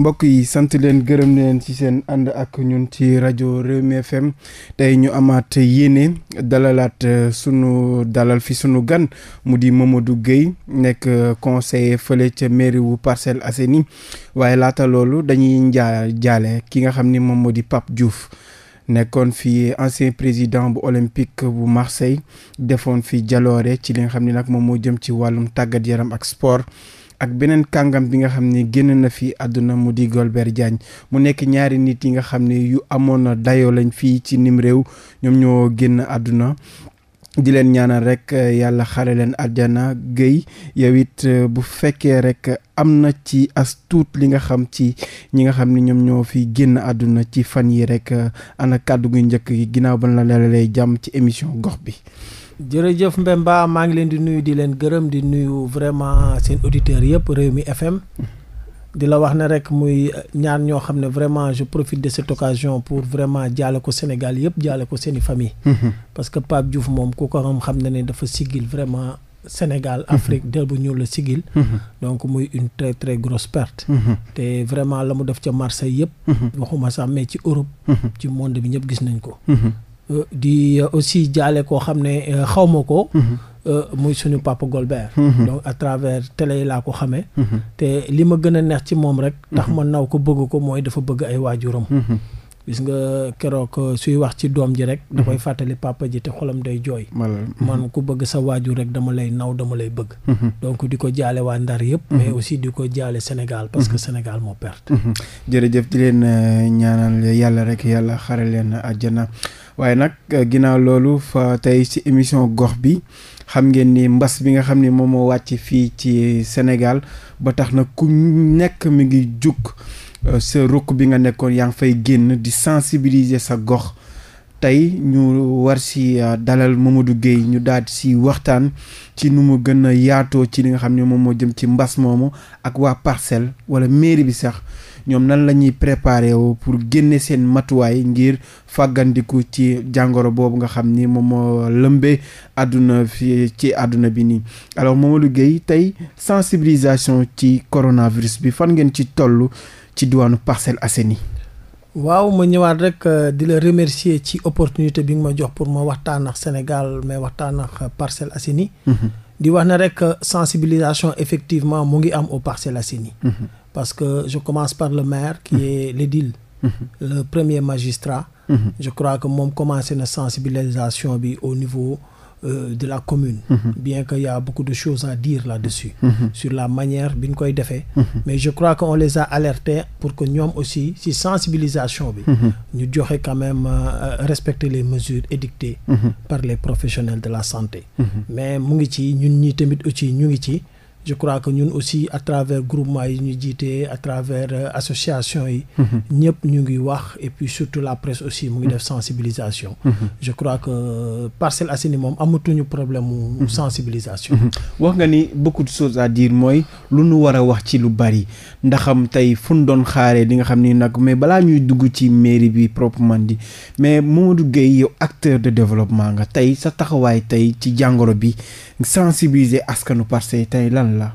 mbokk yi sant leen gërëm leen ci seen ànd ak ñun ci rajo Rewmi FM tey ñu amaat yéene dalalaat euh, sunu dalal fi sunu gan mu di Mamadou Gueye nekk euh, conseiller fële ca mairie wu Parcelles Assainies waaye laata loolu dañuy njaa jaale ki nga xam ni moom moo di Pape Diouf nekkoon fi ancien président bu olympique bu Marseille defoon fi jaloore ci li nga xam ni nag moom moo jëm ci wàllum tàggat yaram ak sport ak beneen kàngam bi nga xam ne génn na fi àdduna mu di golbeer Diagne mu nekk ñaari nit yi nga xam ne yu amoon na dayoo lañ fii ci nim réew ñoom ñoo génn àdduna di leen ñaanal rek eh, yàlla xare leen àjjana géy yow it eh, bu fekkee rek am na ci as tuut li nga xam ci ñi nga xam ni ñoom ñoo fi génn àdduna ci fan yi rek eh, na kàddu gu njëkk yi ginnaaw ban la lay jàmm ci émission gox bi jërëjëf Mbemba maa ngi leen di nuyu di leen gërëm di nuyu vraiment seen auditeurs yëpp mi FM di la wax ne rek muy ñaar ñoo xam ne vraiment je profit de cette occasion pour vraiment jaale ko Sénégal yëpp jaale ko seen famille mhm. parce que Pape Diouf moom ku ko xam ne ne dafa sigil vraiment Sénégal mhm. Afrique del bu ñuul la sigil mhm. donc muy une très très grosse perte te vraiment la mu def ca Marseille yëpp waxuma sax mais ci Europe ci monde bi ñëpp gis nañ ko Euh, di euh, aussi jaale koo xam ne euh, xawma ma ko. Mm-hmm. muy suñu papa Golbert. Mm-hmm. donc à travers télé yi laa ko xamee. Mm-hmm. te li ma gën a neex ci moom rek. ndax ma naw ko bëgg ko mooy dafa bëgg ay waajuram. bis nga keroog uh, suy wax ci doom ji rek. dafay mhm. fàttali papa ji te xolam day jooy. Mhm. man ku bëgg sa waajur rek dama lay naw dama lay bëgg. Mhm. donc di ko jaale waa Ndar yëpp. mais aussi di ko jaale Sénégal parce que Sénégal moo perte. jërëjëf di leen uh, ñaanal yàlla rek yàlla xare leen àjjana waaye nag uh, ginnaaw loolu fa tey ci émission gox bi. xam ngeen ni mbas bi nga xam ni moom moo wàcc fii ci Sénégal ba tax na ku nekk mi ngi jug Euh, sa rukk bi nga nekkoon yaa ngi fay génn di sensibiliser sa gox tey ñu war si euh, dalal Mamadou Gueye ñu daat si waxtaan ci nu mu gën a yaatoo ci li nga xam ne moom moo jëm ci mbas moomu ak waa parcelle wala mairie bi sax ñoom nan la ñuy préparer pour génne seen matuwaay ngir fàggandiku ci jàngoro boobu nga xam ni moom moo lëmbee àdduna fi ci àdduna bi nii alors Mamadou Gueye tey sensibilisation ci coronavirus bi fan ngeen ci toll ci diwaanu Parcelles Assainies waaw ma ñëwaat rek euh, di la remercier ci opportunité bi nga ma jox pour ma waxtaan ak Sénégal mais waxtaan ak Parcelles Assainies mhm. di wax na rek euh, sensibilisation effectivement mu ngi am au parcel Assainies mhm. parce que je commence par le maire qui mhm. est l'édile le premier magistrat je crois que moom commencé na sensibilisation bi au niveau euh, de la commune. Mm-hmm. bien que y a beaucoup de choses à dire là-dessus. Mm-hmm. sur la manière bi ñu koy defee. Mm-hmm. mais je crois que on les a alertés pour que ñoom aussi ci sensibilisation bi. ñu joxe quand même euh, respecter les mesures édictées. par les professionnels de la santé. mais mu ngi ci ñun ñi tamit aussi ñu ngi ci. je crois que ñun aussi à travers groupement yi ñu jiitee à travers euh, association yi mm-hmm. ñëpp ñu ngi wax et puis surtout la presse aussi mu ngi def sensibilisation mm-hmm. je crois que euh, Parcelles Assainies moom amatuñu problème mu mm-hmm. sensibilisation wax nga ni beaucoup de choses à dire mooy lu ñu war a wax ci lu bari ndaxam tey fu ñu doon xaaree li nga xam ni nag mais balaa ñuy dugg ci mairie bi proprement dit mais Mamadou Gueye yow acteur de développement nga tey sa taxawaay tey ci jàngoro bi sensibiliser askanu Parcelles tey lan la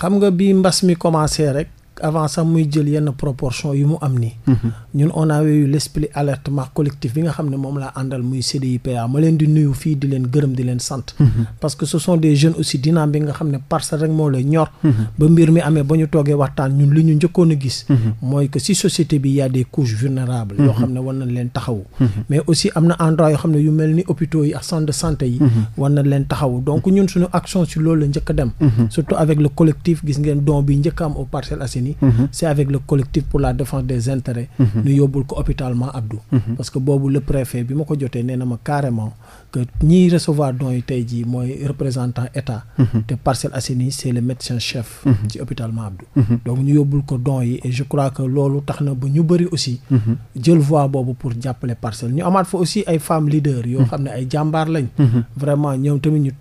xam nga bi mbas mi commencé rek avant sax muy jël yenn proportion yu mu am nii. Mhm. ñun on avait eu l' esprit alertement collectif bi nga xam ne moom laa àndal muy CDIPA ma leen di nuyu fii di leen gërëm di leen sant. Mhm. parce que ce sont des jeunes aussi dynamiques nga xam ne parcelle rek moo lay ñor. Mhm. ba mbir mi amee ba ñu toogee waxtaan ñun li ñu njëkkoon a gis. mooy que si société bi y a des yoo xam ne war nañ leen taxawu. mais aussi am na endroit yoo xam ne yu mel ni hôpitaux yi a nii mhm. c'est avec le collectif pour la défense des intérêts mhm. ñu yóbbul ko hôpital Ma Abdou mhm. parce que boobu le préfet bi ma ko jotee nee ma carrément que ñiy recevoir dons tey jii mooy représentant état te Parcelles Assainies c'est le médecin chef ci hôpital Abdou donc ñu yóbbul ko dons yi et je crois que loolu tax na ba ñu bëri aussi jël voix boobu pour jàppale parcelle ñu amaat fa aussi ay femmes leaders yoo xam ne ay jàmbaar lañ vraiment ñoom tamit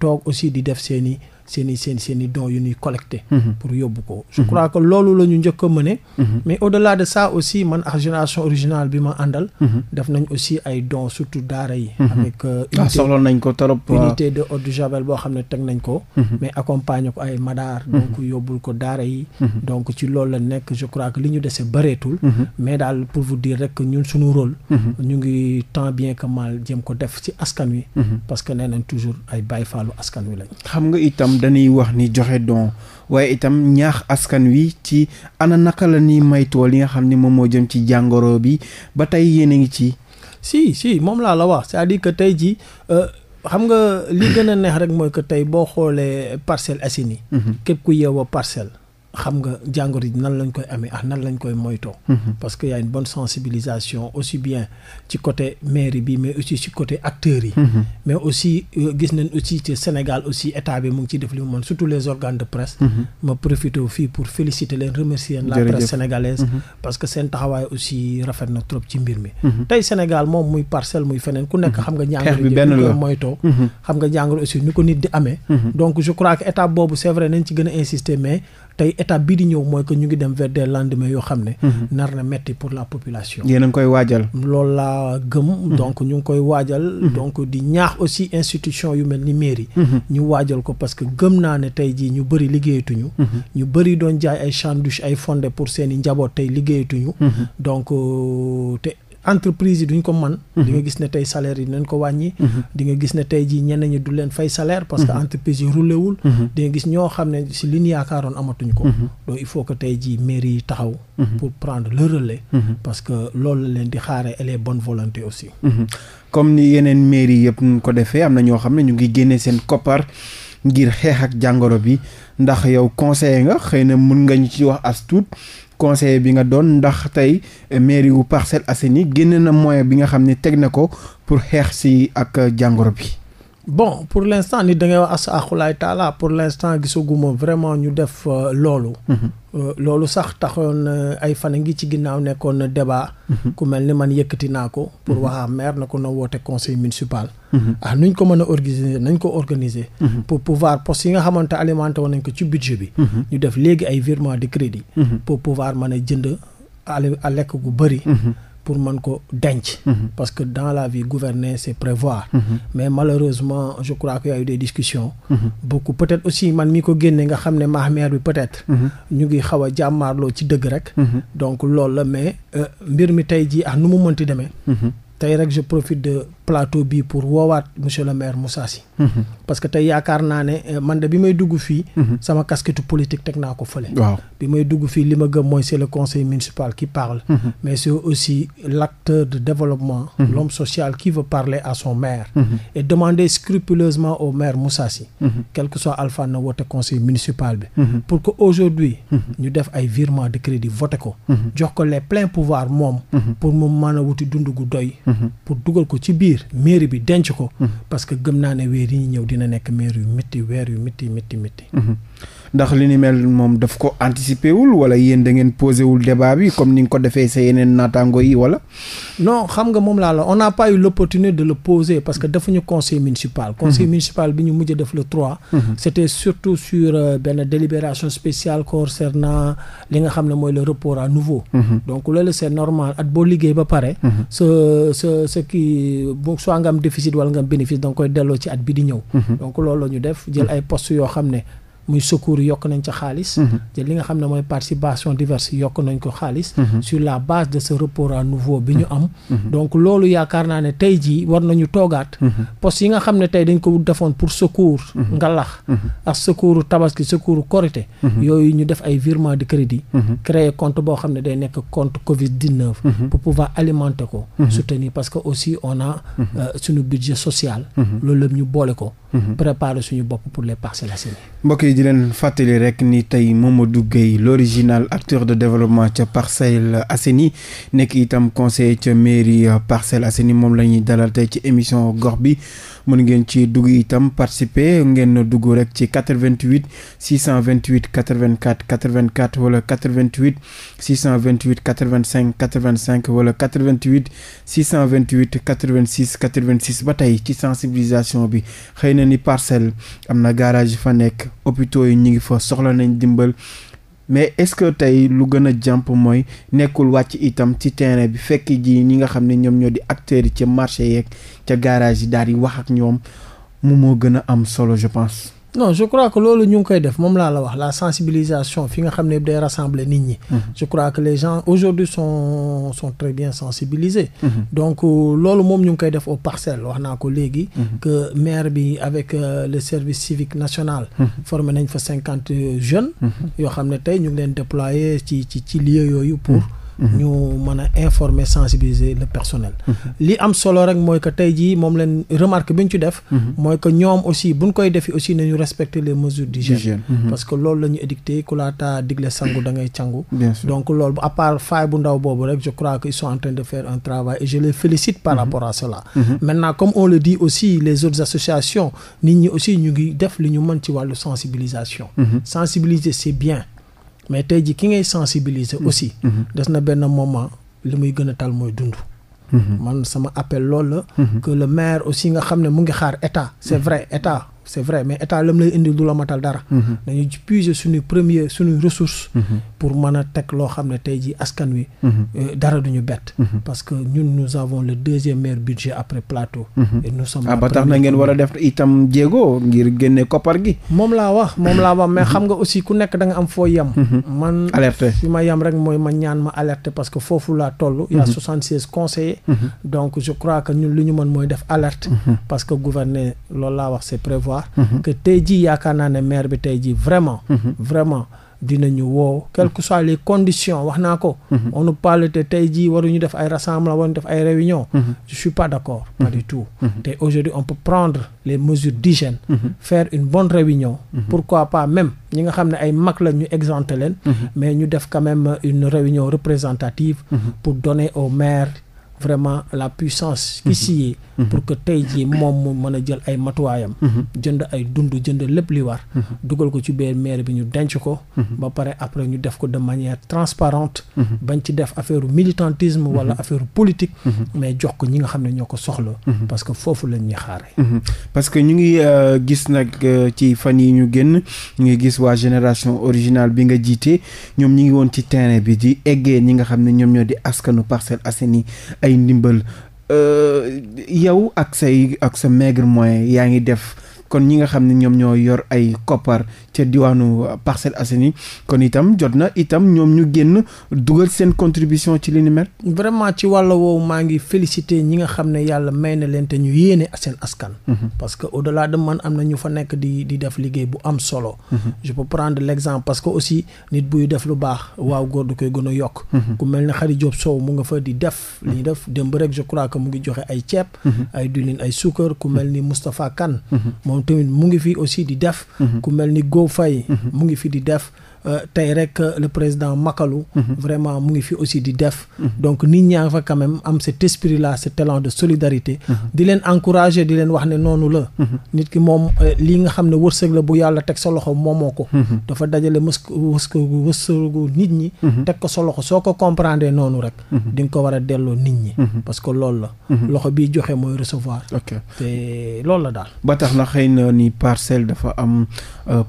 seen i seen i dons yu ñuy collecté mhm. pour yóbbu ko je crois mhm. que loolu la ñu njëkk a mëne mhm. mais au delà de ça aussi man ak génération originale bi ma àndal def nañ ay dons surtout daara yi avec euh, ah, unité de eau de javel boo xam ne teg nañ ko mais accompagner ko ay madaar donc yóbbul ko daara yi donc ci loolu la nekk je crois que li ñu dese bëreetul mais daal pour vous dire rek ñun suñu rôle ñu ngi tant bien que mal jéem ko def ci askan wi parce que nee ñoom wax ni joxe don waaye itam ñaax askan wi ci ana naka la ni maytoo li nga xam ni moom moo jëm ci jàngoro bi ba tey yéen a ngi ci. si si moom laa la wax cest di dire que tey jii euh, xam nga li gën a neex rek mooy que tey boo xoolee parcelle Assainies. Mhm. képp ku yeewoo parcelle. xam nga jàngoro ji nan lañ koy amee ak nan lañ koy moytoo. Mhm. parce que y a une bonne sensibilisation aussi bien ci côté mairie bi mais aussi ci côté acteurs yi. Mhm. mais aussi euh, gis nañ aussi ci Sénégal aussi état bi mu ngi ciy surtout les organes de presse. Mhm. ma profité fii pour féliciter leen remercier la presse sénégalaise. parce que seen taxawaay aussi rafet na trop ci mbir mi. tey Sénégal moom muy parcelle muy feneen ku nekk xam nga. xeex bi benn la xam nga jàngoro a insister mais. tey étape bi di ñëw mooy que ñu ngi dem vers des lendemains yoo xam ne. Mhm. nar na metti pour la population. yéen a ngi koy waajal. loolu laa gëm. Mhm. donc ñu ngi koy waajal. Mhm. donc di ñaax aussi institution yu mel ni mairie. ñu waajal ko parce que gëm naa ne tey jii ñu bëri liggéeyatuñu. ñu bëri doon jaay ay champs douche ay fonde pour seen i njaboot tey liggéeyatuñu. donc euh, te entreprise yi duñ ko man mhm. di nga gis ne tey salaire yi dinañ ko wàññi mhm. di nga gis ne tey jii ñenn ñi du leen fay salaire parce que mhm. entreprise yi roulé wul di nga gis ñoo xam ne si li yaakaaroon amatuñ ko donc il faut que tey jii mairie yi taxaw pour prendre le relais parce que loolu la leen di xaare et les bonnes aussi comme ni yeneen mairie yëpp ñu ko defee am na ñoo xam ne ñu ngi génnee seen koppar ngir xeex ak jàngoro bi ndax yow conseiller nga xëy na mun nga ñu ci wax as tuut conseiller bi nga doon ndax tey mairie wu Parcelles Assainies génn na moyen bi nga xam ne teg na ko pour xeex si ak jangoro bi. bon pour l'instant nit da ngay wax as axulaay taala pour l'instant gisaguma vraiment ñu def euh, loolu mhm. euh, loolu sax taxoon euh, ay fan a ngi ci ginnaaw nekkoon na débat mhm. ku mel ni man yëkkati naa ko pour mhm. waxaa maire na ko na woote conseil municipal ah nuñ ko mën a organiser nañ ko organiser pour pouvoir postes yi nga xamante alimenté woon nañ ko ci budget bi ñu def léegi ay virement de crédit pour pouvoir mën a jënd a lekk gu bëri pour mën ko denc. Mhm. parce que dans la vie gouverner c'est prévoir. Mhm. mais malheureusement je crois qu'il y a eu des discussions. Mm -hmm. peut-être aussi man mi ko génne nga xam ne maax maire bi peut-être. Mhm. ñu ngi xaw a jàmmaarloo ci dëgg rek. donc loolu la mais euh, mbir mi tey jii ah nu mu mënti demee. tey rek je profite de plateau bi pour woowaat monsieur le maire Moussa Sy mhm. parce que tey yaakaar naa ne euh, man de bi may dugg fii mhm. sama casquette politique teg naa ko fële waaw bi may dugg fii li ma gëm mooy c'est le conseil municipal qui parle mhm. mais c'est aussi l'acteur de développement l'homme social qui veut parler à son maire et demander scrupuleusement au maire Moussa Sy quel que soit Alpha na woote conseil municipal bi pour que aujourd'hui ñu def ay virement de crédit voté ko jox ko les pleins pouvoirs moom pour mu mën a biir bi denc ko. parce que gëm naa ne weer yi ñuy ñëw dina nekk maire yu métti weer yu métti métti métti. Mm-hmm. ndax li ni mel moom daf ko anticiper wul wala yéen da ngeen posé wul débat bi comme ni nga ko defee sa yeneen nataango yi wala. non xam nga moom laa la on n'a pas eu l'opportunité de le poser parce que defuñu conseil municipal. Mhm. conseil municipal bi ñu mujj def le 3. Mhm. c'était surtout sur euh, benn délibération spéciale concernant li nga xam ne mooy le report à nouveau. Mhm. donc loolu c'est normal at boo liggéey ba pare. sa sa sa kii bu soo nga am déficit wala nga am bénéfice delloo ci at bi di ñëw. donc ñu def jël ay postes yoo xam ne. muy secours yokk nañ ca xaalis mhm. te li nga xam ne mooy participation diverse yokk nañ ko xaalis mhm. sur la base de ce rapport à nouveau bi ñu mhm. am donc loolu yaakaar naa ne tey jii war nañu toogaat poste yi nga xam ne tey dañ ko defoon pour secours ngalax ak secours tabaski secours korité yooyu ñu def ay virement de crédit créer compte boo xam ne day nekk compte covid 19 pour pouvoir alimenter ko soutenir parce que aussi on a euh, suñu budget social loolu la ñu boole ko Mhm. préparer suñu bopp pour les Parcelles Assainies. mbokk yi di leen fàttali rek ni tey moom Mamadou Gueye l'original acteur de développement ca Parcelles Assainies nekk itam conseiller ca mairie Parcelles Assainies moom la ñuy dalal tey ci émission gox bi. mën ngeen ci dugg itam participer ngeen na dugg rek ci 88 628 84 84 wala 88 628 85 85 wala 88 628 86 86 ba tey ci sensibilisation bi xëy na ni parcelle am na garage fa nekk hôpitaux yi ñu ngi fa soxla nañ dimbal. mais est-ce que tey lu gën a jàmp mooy nekkul wàcc itam ci terrain bi fekk ji ñi nga xam ne ñoom ñoo di acteurs yi ca marché yeeg ca garage yi daal di wax ak ñoom mu moo gën a am solo je pense non je crois que loolu ñu ngi koy def moom laa la wax la sensibilisation fi nga xam ne day rassembler nit ñi. Mhm. je crois que les gens aujourd'hui sont sont très bien sensibilisés. Mm donc euh, loolu moom ñu ngi koy def au parcelle wax naa ko léegi. Mhm. que maire bi avec euh, le service civique national. Mhm. formé nañ fa cinquante jeunes. yoo xam ne tey ñu ngi leen déployer ci ci ci lieu yooyu pour. ñu mën a informer sensibiliser le personnel. Mhm. li am solo rek mooy que tey jii moom leen remarque bi ñu ci def. Mhm. mooy que ñoom aussi bu ñu koy defi aussi nañu respecter les mesures d'hygiène. Mhm. parce que loolu la ñu édicté ku laata digle sangu da ngay cangu. donc loolu bu à part bu ndaw boobu rek je crois que ils sont en train de faire un travail et je les félicite par rapport à cela. maintenant comme on le dit aussi les autres associations nit ñi aussi ñu ngi def li ñu mën ci wàllu sensibilisation. sensibiliser c'est bien. mais tey ji ki ngay sensibiliser mm-hmm. aussi mm-hmm. des na benn moment li muy gën a tal mooy dund mm-hmm. man sama appel loolu la que le maire aussi nga xam ne mu ngi xaar état c'est vrai état c' est vrai mais état lam lay indil du la matal dara. dañuy mhm. puiser suñu premier suñu ressource. Mhm. pour mën a teg loo xam ne tey jii askan wi. Mhm. Euh, dara du ñu bett. parce que ñun nous avons le deuxième meilleur budget après plateau. Ah, ba tax na ngeen war a def itam jéego ngir génne koppar gi. moom laa wax moom laa wax mais xam nga aussi ku nekk da am foo yem. man alerte fi ma yem rek mooy ma ñaan ma alerte parce que foofu laa toll. y' a 76 conseillers. donc je crois baax que tey jii yaakaar naa ne maire bi tey jii vraiment vraiment dinañu woow quelles que soient les conditions wax naa ko on nous parle te tey jii waruñu def ay rassemblement waruñu def ay réunion je suis pas d'accord pas du tout te aujourd'hui on peut prendre les mesures d'hygiène faire une bonne réunion pourquoi pas même ñi nga xam ne ay mag la ñu leen mais ñu def quand même une réunion représentative pour donner au maire vraiment la puissance qui mhm. s'y est mhm. pour que tey jii moom mu mën a jël ay matuwaayam mhm. jënd ay dund jënd lépp li war dugal ko ci biir maire bi ñu denc ko ba pare après ñu def ko de manière transparente bañ ci def affaire militantisme wala affaire politique mais jox ko ñi nga xam ne ñoo ko soxla parce que foofu lañ ñuy xaare parce que ñu ngi euh, gis nag euh, ci fan yi ñu génn ñu ngi gis waa génération originale bi nga jiite ñoom ñi ngi woon ci terrain bi di eggee ñi nga xam ay ndimbal euh, yow ak say ak sa maigre moyen yaa ngi def kon ñi nga xam ne ñoom ñoo yor ay koppar ca diwaanu Parcelles Assainies kon itam jot na itam ñoom ñu génn dugal seen contribution ci li ni mel. vraiment ci wàll woowu maa ngi félicité ñi nga xam ne yàlla may na leen te ñu yéene seen askan. Mhm. parce que au-delà man am na ñu fa nekk di di def liggéey bu am solo. Mhm. je peux prendre l'exemple parce que aussi nit buy def lu baax waaw góor du koy gën a yokk. Mhm. ku mel ne Khady Sow mu nga fa di def. li ñuy def démb rek je mu ngi joxe ay ceeb. ay tamit mu ngi fi aussi di def. Mm-hmm. ku mel ni Go Faye mm-hmm. mu ngi fi di def. Euh, tey rek euh, le président Makalu. Mhm. vraiment mu ngi fi aussi di def. Mhm. donc nit ñaa fa quand même am cet esprit là cet élan de solidarité. Mhm. di leen encourager di leen wax ne noonu la. nit ki moom euh, lii nga xam ne wërsëg la bu yàlla teg sa loxo moomoo ko. dafa dajale mës wërsëg wërsëgu nit ñi. teg ko sa loxo soo ko comprendre noonu rek. di nga ko war a delloo nit ñi. parce que loolu la. loxo bi joxe mooy recevoir. te loolu la daal. ba tax na xëy na ni parcelle dafa am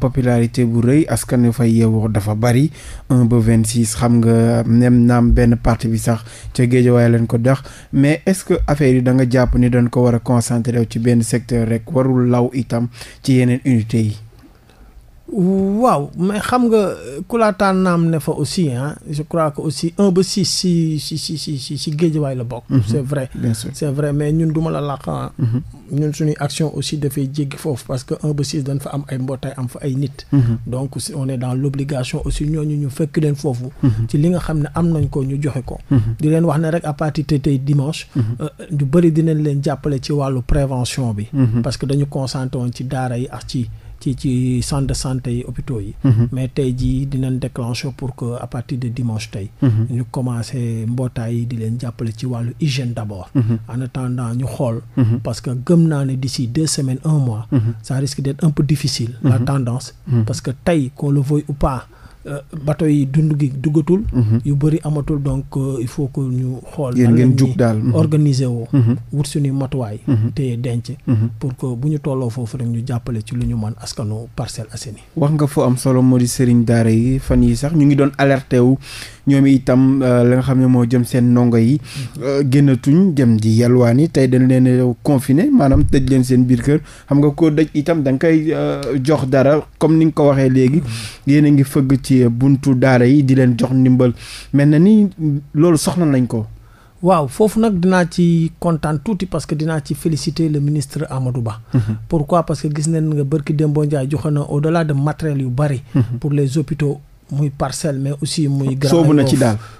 popularité bu rëy askan wi fay dafa bari un ba vingt six xam nga nem naam benn parti bi sax ca Géejawaay leen ko dox mais est-ce que affaire yi danga jàpp ni dañ ko war a concentré ci benn secteur rek warul law itam ci yeneen unité yi. waaw mais xam nga kulaataan naam ne fa aussi ah je crois que aussi un ba six si si si si si la bokk mhm. c'est vrai bien sûr c'est vrai mais ñun du ma la làq mhm. ñun suñuy action aussi dafay jéggi foofu parce que un ba six dañ fa am ay mbootaay am fa ay nit mhm. donc on est dans l'obligation aussi ñooñu ñu fekk leen foofu ci li nga xam ne am nañ ko ñu joxe ko di leen wax ne rek à partir tey dimanche euh, ñu bëri dinañ leen jàppale ci wàllu prévention bi parce yi ak ci ci ci centre de santé yi hôpitaux yi mm-hmm. mais tey jii dinañ déclencher pour que à partir de dimanche tey mm-hmm. ñu commencé mbootaay yi di leen jàppale ci wàllu hygiène d'abord mm-hmm. en attendant ñu xool parce que gëm naa ne d'ici deux semaines un mois ça risque d'être un peu difficile la tendance parce que tey qu'on le veuille ou Euh, bato yi dund gi duggatul. Mhm. yu bëri amatul donc euh, il faut que ñu xool. yéen ngeen jug daal mhm. organiser woo. Mhm. wut suñu matuwaay. te denc. pour que bu ñu tolloo foofu rek ñu jàppale ci lu ñu man askanu parcelle Assainies. wax nga foo am solo moo di sëriñ daara yi fan yi sax ñu ngi doon alerté wu ñoom itam euh, la nga xam ne moo jëm seen ndongo yi. Mm. génnatuñ jëm di yalwaan yi tey dañ leen confiné maanaam tëj leen seen biir kër xam nga ko dëj itam da nga koy jox dara comme ni nga ko waxee léegi mm. ci buntu daara yi di leen jox ndimbal mel na ni loolu soxla nañ ko. waaw foofu nag dinaa ci kontaan tuuti parce que dinaa ci féliciter le ministre Amadou Ba. Mm -hmm. pourquoi parce que gis nañ nga barki Dembo Ndiaye joxe yu bari. Mm -hmm. pour les hôpitaux mais aussi muy. grand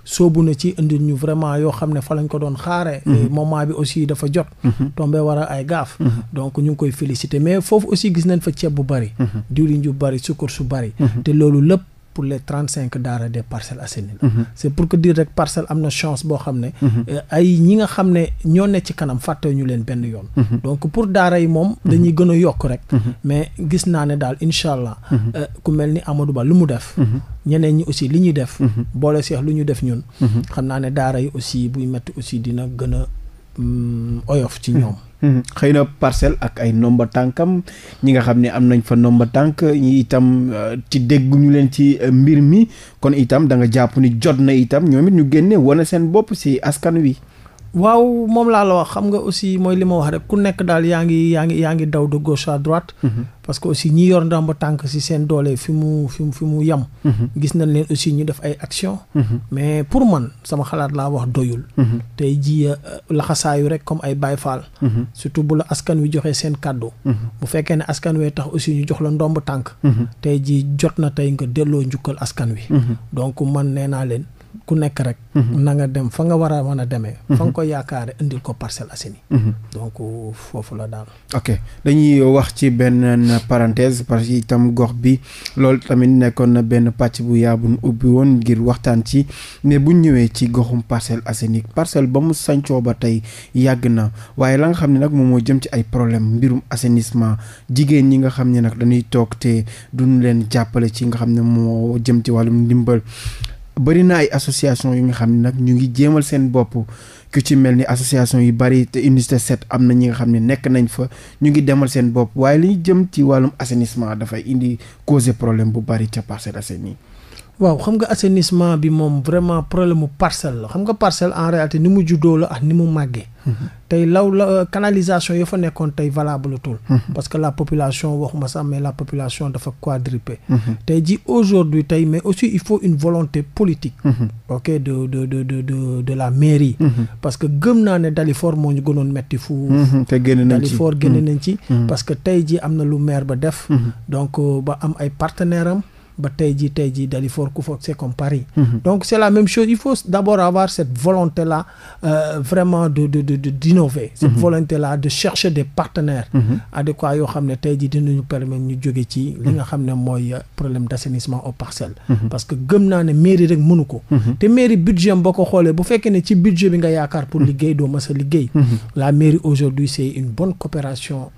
soobu na ci daal ñu vraiment yoo xam ne fa lañ ko doon xaare mhm. moment bi aussi dafa jot. Mhm. tombé war a ay gaaf. Mhm. ñu koy féliciter mais foofu aussi gis nañ ceeb bu bari. diwlin yu bari sukkar su bari. te loolu lépp. pour les trente cinq daara des Parcelles Assainies la mhm. c' pour que dire parcelle am na chance boo xam ne mhm. euh, ay ñi nga xam ne ñoo ne ci kanam fàtte ñu leen benn yoon mhm. donc pour daara yi moom dañuy gën a yokk rek mais gis naa ne daal incha allah euh, ku mel ni Amadou Ba lu mu def ñeneen ñi aussi li ñuy def boole seex lu ñu def ñun xam naa ne daara yi aussi buy metti aussi dina gën a mm, oyof ci ñoom Mhm. xëy na parcelle ak ay nomba tànkam ñi nga xam ne am nañ fa nomba tànk ñi itam ci euh, dégguñu leen ci euh, mbir mi kon itam da nga jàpp ni jot na itam ñoom it ñu génne wane seen bopp si askan wi. waaw moom laa la wax xam nga aussi mooy li ma wax rek ku nekk daal yaa ngi yaa ngi yaa ngi daw de gauche à droite. Mhm. parce que aussi ñi yor ndam ba tànk si seen doole fi mu fi mu fi mu yem. Mhm. gis nañ leen aussi ñu def ay action mhm. mais pour man sama xalaat laa wax doyul. tey jii euh, laxasaayu rek comme ay Baay Faal. surtout bu la askan wi joxee seen kàddu. bu fekkee ne askan wee tax aussi ñu jox la ndomb tànk. tey jii jot na tey nga delloo njukkal askan wi. donc man ku nekk rek. Mhm. na nga dem fa nga war a mën a demee. Mhm. fa nga ko yaakaare indil ko Parcelles Assainies. Mhm. donc foofu la daal. ok dañuy wax ci benn parenthèse parce itam gox bi loolu tamit nekkoon na benn pàcc bu yaabuñ ubbi woon ngir waxtaan ci mais bu ñëwee ci goxum parcelle Assainies parcelle ba mu sancoo ba tey yàgg na waaye la nga xam ne nag moom moo jëm ci ay problème mbirum assainissement jigéen ñi nga xam ne nag dañuy toog te duñ leen jàppale ci nga xam ne moo jëm ci wàllum ndimbal. bëri na ay association yu nga xam ne nag ñu ngi jéemal seen bopp ku ci mel ni association yu bëri te indi unité 7 am na ñi nga xam ne nekk nañ fa ñu ngi demal seen bopp waaye li ñu jëm ci wàllum assainissement dafay indi causer problème bu bëri ca Parcelles Assainies waaw xam nga assainissement bi moom vraiment problème mu parcelle la xam nga parcelle en réalité ni mu juddoo la ak ni mu màggee. Mhm. tey law la euh, canalisation yoo fa nekkoon tey valable tul mhm. parce que la population waxuma sax mais la population dafa quadrupler. Mhm. tey ji aujourd'hui tey mais aussi il faut une volonté politique. ok de de de de de la mairie. parce que gëm naa ne Dalifort moo ñu gënoon metti fu. te génn nañ ci Dalifort nañ ci. parce que tey ji am na lu maire ba def. donc euh, ba am ay partenaires am. ba tey jii tey jii Dalifort ku foog c'est comme Paris. Mhm. donc c'est la même chose il faut d'abord avoir cette volonté là euh, vraiment de de de d'innover. cette mhm. volonté là de chercher des partenaires. Mhm. adéquats yoo xam ne tey jii dinañu permettre ñu jóge ci. li nga xam ne mooy euh, problème d'assainissement aux parcelles. parce que gëm naa ne mairie rek mënu ko. te mairie budget am boo ko xoolee bu fekkee ne ci budget bi nga yaakaar pour liggéey doo mës a liggéey. la mairie aujourd'hui c'est coopération.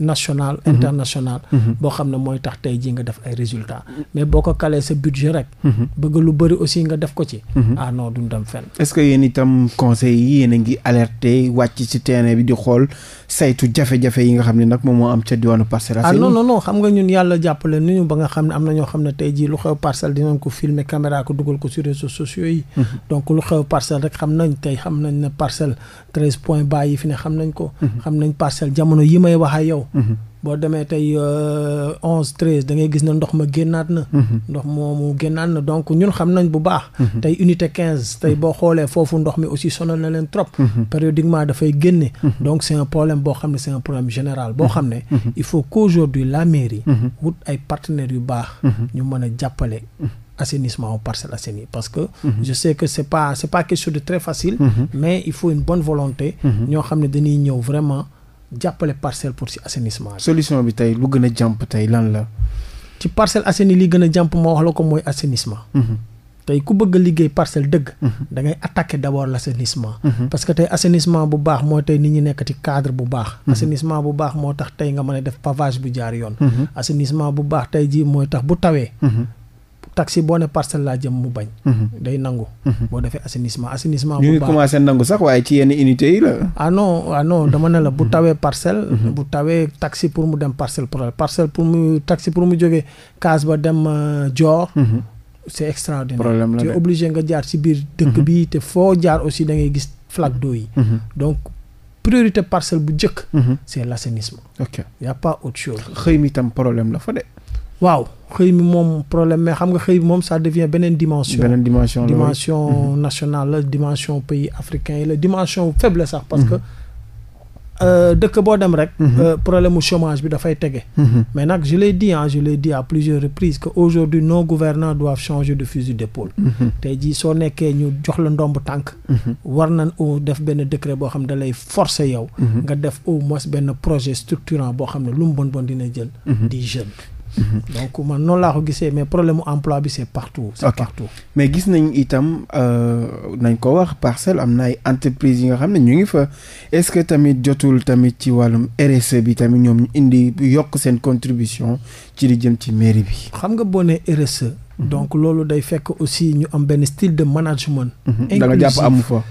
national mhm. international mhm. boo xam ne mooy tax tey jii nga def ay résultats mais boo ko kalee sa budget rek mhm. bëgg lu bëri aussi nga def ko ci ah non duñ dem fenn est-ce itam conseil yi yéen a ngi alerté wàcc ci terrain bi di xool saytu jafe-jafe yi nga xam ne nag moom moo am ca diwaanu Parcelles ah, Assainies. ah non non xam nga ñun yàlla jàppale ni ñu ba nga xam ne am na ñoo xam ne tey jii lu xew parcelle dinañ ko filmer caméra ko dugal ko sur réseaux sociaux yi. Mhm. donc lu xew parcelle rek xam nañ tey xam nañ ne parcelle treize point bàyyi fi ne xam nañ ko. Mhm. xam nañ parcelle jamono yi may wax a yow. Mhm. boo demee tey euh, onze treize da ngay gis ne ndox ma génnaat na. Mhm. ndox moomu génnaat na donc ñun xam nañ bu baax. Mhm. tey unité quinze tey boo xoolee foofu ndox mi aussi sonal na leen trop. Mhm. périodiquement dafay génne. donc c' est un problème boo xam ne c' est un problème général boo xam ne. il faut qu' aujourd'hui la mairie. wut ay partenaires yu baax. ñu mën a jàppale. assainissement aux Parcelles Assainies parce que je sais que c'est pas c'est pas quelque chose de très ñoo xam ne dañuy ñëw vraiment jàppale parcelle pour ci assainissement bi. solution bi tey lu gën a jàmp tey lan la. ci parcelle assainie li gën a jàmp ma wax la ko mooy assainissement. Mhm. tey ku bëgg a liggéey parcelle dëgg. Mhm. da ngay attaquer d'abord l'assainissement. Mhm. parce que tey assainissement bu baax moo tey nit ñi nekk ci cadre bu baax. assainissement bu baax moo tax tey nga mën a def pavage bu jaar yoon. assainissement bu baax tey jii mooy tax bu tawee. taxi boo ne parcelle laa jëm mu bañ. Mhm. day nangu. Mhm. boo defee assainissement assainissement. bu baax ñu ngi commencé nangu sax waaye ci yenn unité yi la. ah non ah dama ne la bu mhm. tawee parcelle. bu tawee taxi pour mu dem parcelle problème parcelle pour mu taxi pour mu jógee Kaas ba dem euh, Dior. c'est extraordinaire. problème la tu nga jaar ci biir. dëkk bi te foo jaar aussi da ngay gis flaque do yi. donc priorité parcelle bu njëkk. c'est l'assainissement. ok y a xëy mi tam problème la xëy mi moom problème mais xam nga xëy bi moom ça devient beneen dimension beneen dimension dimension mhm. nationale la dimension pays africain yi la dimension faible sax parce que mhm. euh, dëkk boo dem rek mhm. euh, problème mu chômage bi dafay tege mais nag je l'ai dit ah je l'ai dit à plusieurs reprises que aujourd'hui nos gouvernants doivent changer de fusil d'épaule tey jii soo nekkee ñu jox la ndomb tànk war na au def benn décret boo xam ne da lay forcer yow nga def au moins benn projet structurant boo xam ne lu mu bon dina jël di Mhm. donc man noonu laa ko gisee mais problème mu emploi bi c' est partout. c' est partout mais gis nañ itam euh, nañ ko wax parcelle am na ay entreprises yi nga xam ne ñu ngi fa est ce que tamit jotul tamit ci wàllum RSE bi tamit ñoom ñu indi yokk seen contribution ci li jëm ci mairie bi. xam nga boo nee RSE. Mhm. donc loolu day fekk aussi ñu am benn style de management. inclusif mhm. da nga jàpp amu fa.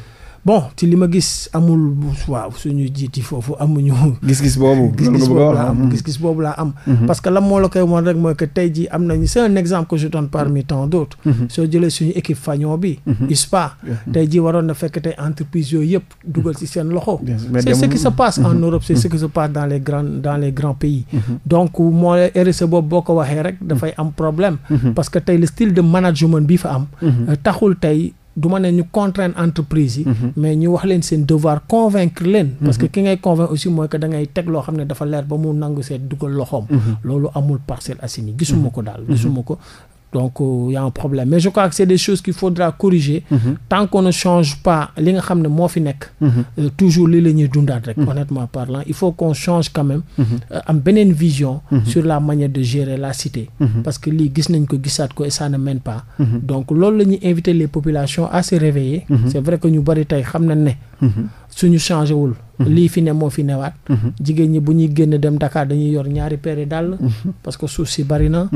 bon ci li ma gis amul waaw ñu jiiti foofu amuñu. gis-gis boobu gis boobu laa am hmm. gis boobu laa am. Hmm. parce que lan moo la koy woon rek mooy que tey jii am nañu c'est un exemple que je donne parmi tant d'autres. Hmm. soo jëlee suñu équipe fagnon bi. ISPA tey jii waroon na fekk tey entreprise yooyu yëpp dugal ci seen loxo. c'est ce qui se passe en Europe c'est ce qui se passe dans les grands dans les grands pays. donc moo RSE boobu boo ko waxee rek dafay am problème. parce que tey le style de management bi fa am. Euh, taxul tey. du ma ne ñu contraindre entreprise yi. Mhm. mais ñu wax leen seen devoir convaincre leen. parce que mhm. ki ngay convaincre aussi mooy que da ngay teg loo xam ne dafa leer ba mu nangu seet dugal loxoom. Mhm. loolu amul parcelle Assainies gisuma ko daal gisuma ko donc il euh, y a un problème mais je crois que c'est des choses qu'il faudra corriger mhm. tant qu'on ne change pas li nga xam ne moo fi nekk mhm. euh, toujours li la ñuy dundaat rek mhm. honnêtement parlant il faut qu'on change quand même euh, am beneen vision sur la manière de gérer la cité parce que lii gis nañ ko gisaat ko et ça ne mène pas donc loolu la ñuy inviter les populations à se réveiller c'est vrai que ñu bari tey xam nañ ne suñu changé wul Mhm. lii fi ne moo fi newaat mhm. jigéen ñi bu ñuy génn dem Dakar dañuy yor ñaari paire dàll mhm. parce que suuf si bari na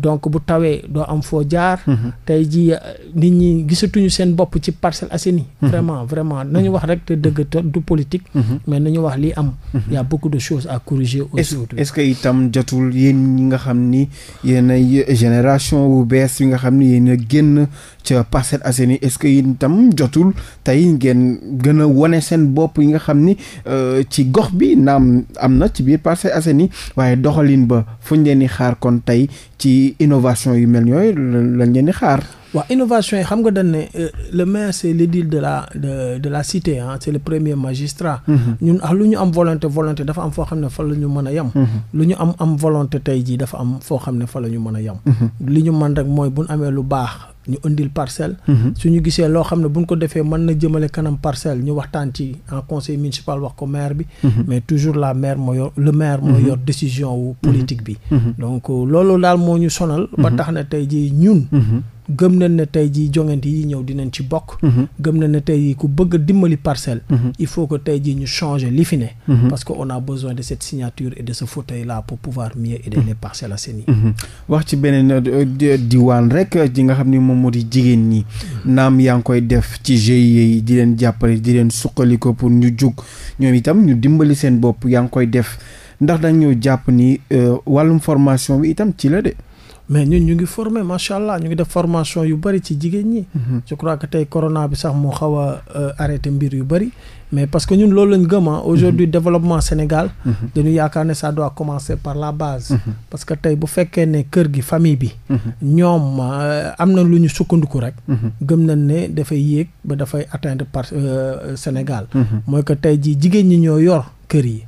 donc bu tawee doo am foo jaar tey ji euh, nit ñi gisatuñu seen bopp ci Parcelles Assainies vraiment vraiment nañu wax rek te dëgg du politique mais nañu wax lii am y a beaucoup de choses à corriger aussi est-ce que itam jotul yéen ñi nga xam ni yéen ay génération bu bees yi nga xam ni yéen a génn ca Parcelles Assainies est-ce que itam jotul tey ngeen gën a wone seen bopp yi nga xam ni Euh, ci gox bi naam am na ci biir Parcelles ni waaye doxalin ba fu ñu leen di xaar kon tey ci innovation yu mel yooyu lañ leen di xaar. waaw innovation yi xam nga dañ ne euh, le maire c'est l'édile de la de la cité ah c'est le premier magistrat. Mhm. ñun ax ah, lu ñu am volonté volonté dafa am foo xam ne fa la ñu mën a yem. Mhm. lu ñu am am volonté tey jii dafa am foo xam ne fa la ñu mën a yem. Mhm. li ñu mën rek mooy bu ñu amee lu baax. ñu indil parcelle. Mhm. suñu gisee loo xam ne buñ ko defee mën na jëmale kanam parcelle ñu waxtaan ci en conseil municipal wax ko maire bi. Mhm. mais toujours la maire moo yor maire moo mhm. décision wu politique bi. donc loolu daal moo ñu sonal. ba tax na tey jii ñun. gëm nañ ne tey jii jongante yi ñëw dinañ ci bokk. Mhm. gëm nañ ne tey jii ku bëgg dimbali parcelle. Mhm. il faut que tey jii ñu changer li fi ne. Mhm. parce que on a besoin de cette signature et de ce fauteuil là pour pouvoir mieux aider les Parcelles Assainies yi. wax ci beneen euh, diwaan rek ji nga xam ni moom moo di jigéen ñi naam yaa ngi koy def ci GIE yi di leen jàppale di leen suqali ko pour ñu jug ñoom itam ñu dimbali seen bopp yaa ngi koy def ndax dañu jàpp ni euh, wàllum formation bi itam ci la mais ñun ñu ngi formé macha allah ñu ngi def formation yu bëri ci jigéen ñi. Mm-hmm. je crois que tey corona bi sax moo xaw a euh, arrêté mbir yu bëri. mais parce que ñun loolu lañ gëm ah aujourd'hui mhm. développement Sénégal mhm. dañu yaakaar ne ça doit commencer par la base mhm. parce que tey bu fekkee ne kër gi famille bi ñoom euh, am na lu ñu sukkandiku rek gëm nañ ne dafay yéeg ba dafay atteindre par euh, Sénégal mooy que tey ji jigéen ñi ñoo yor kër yi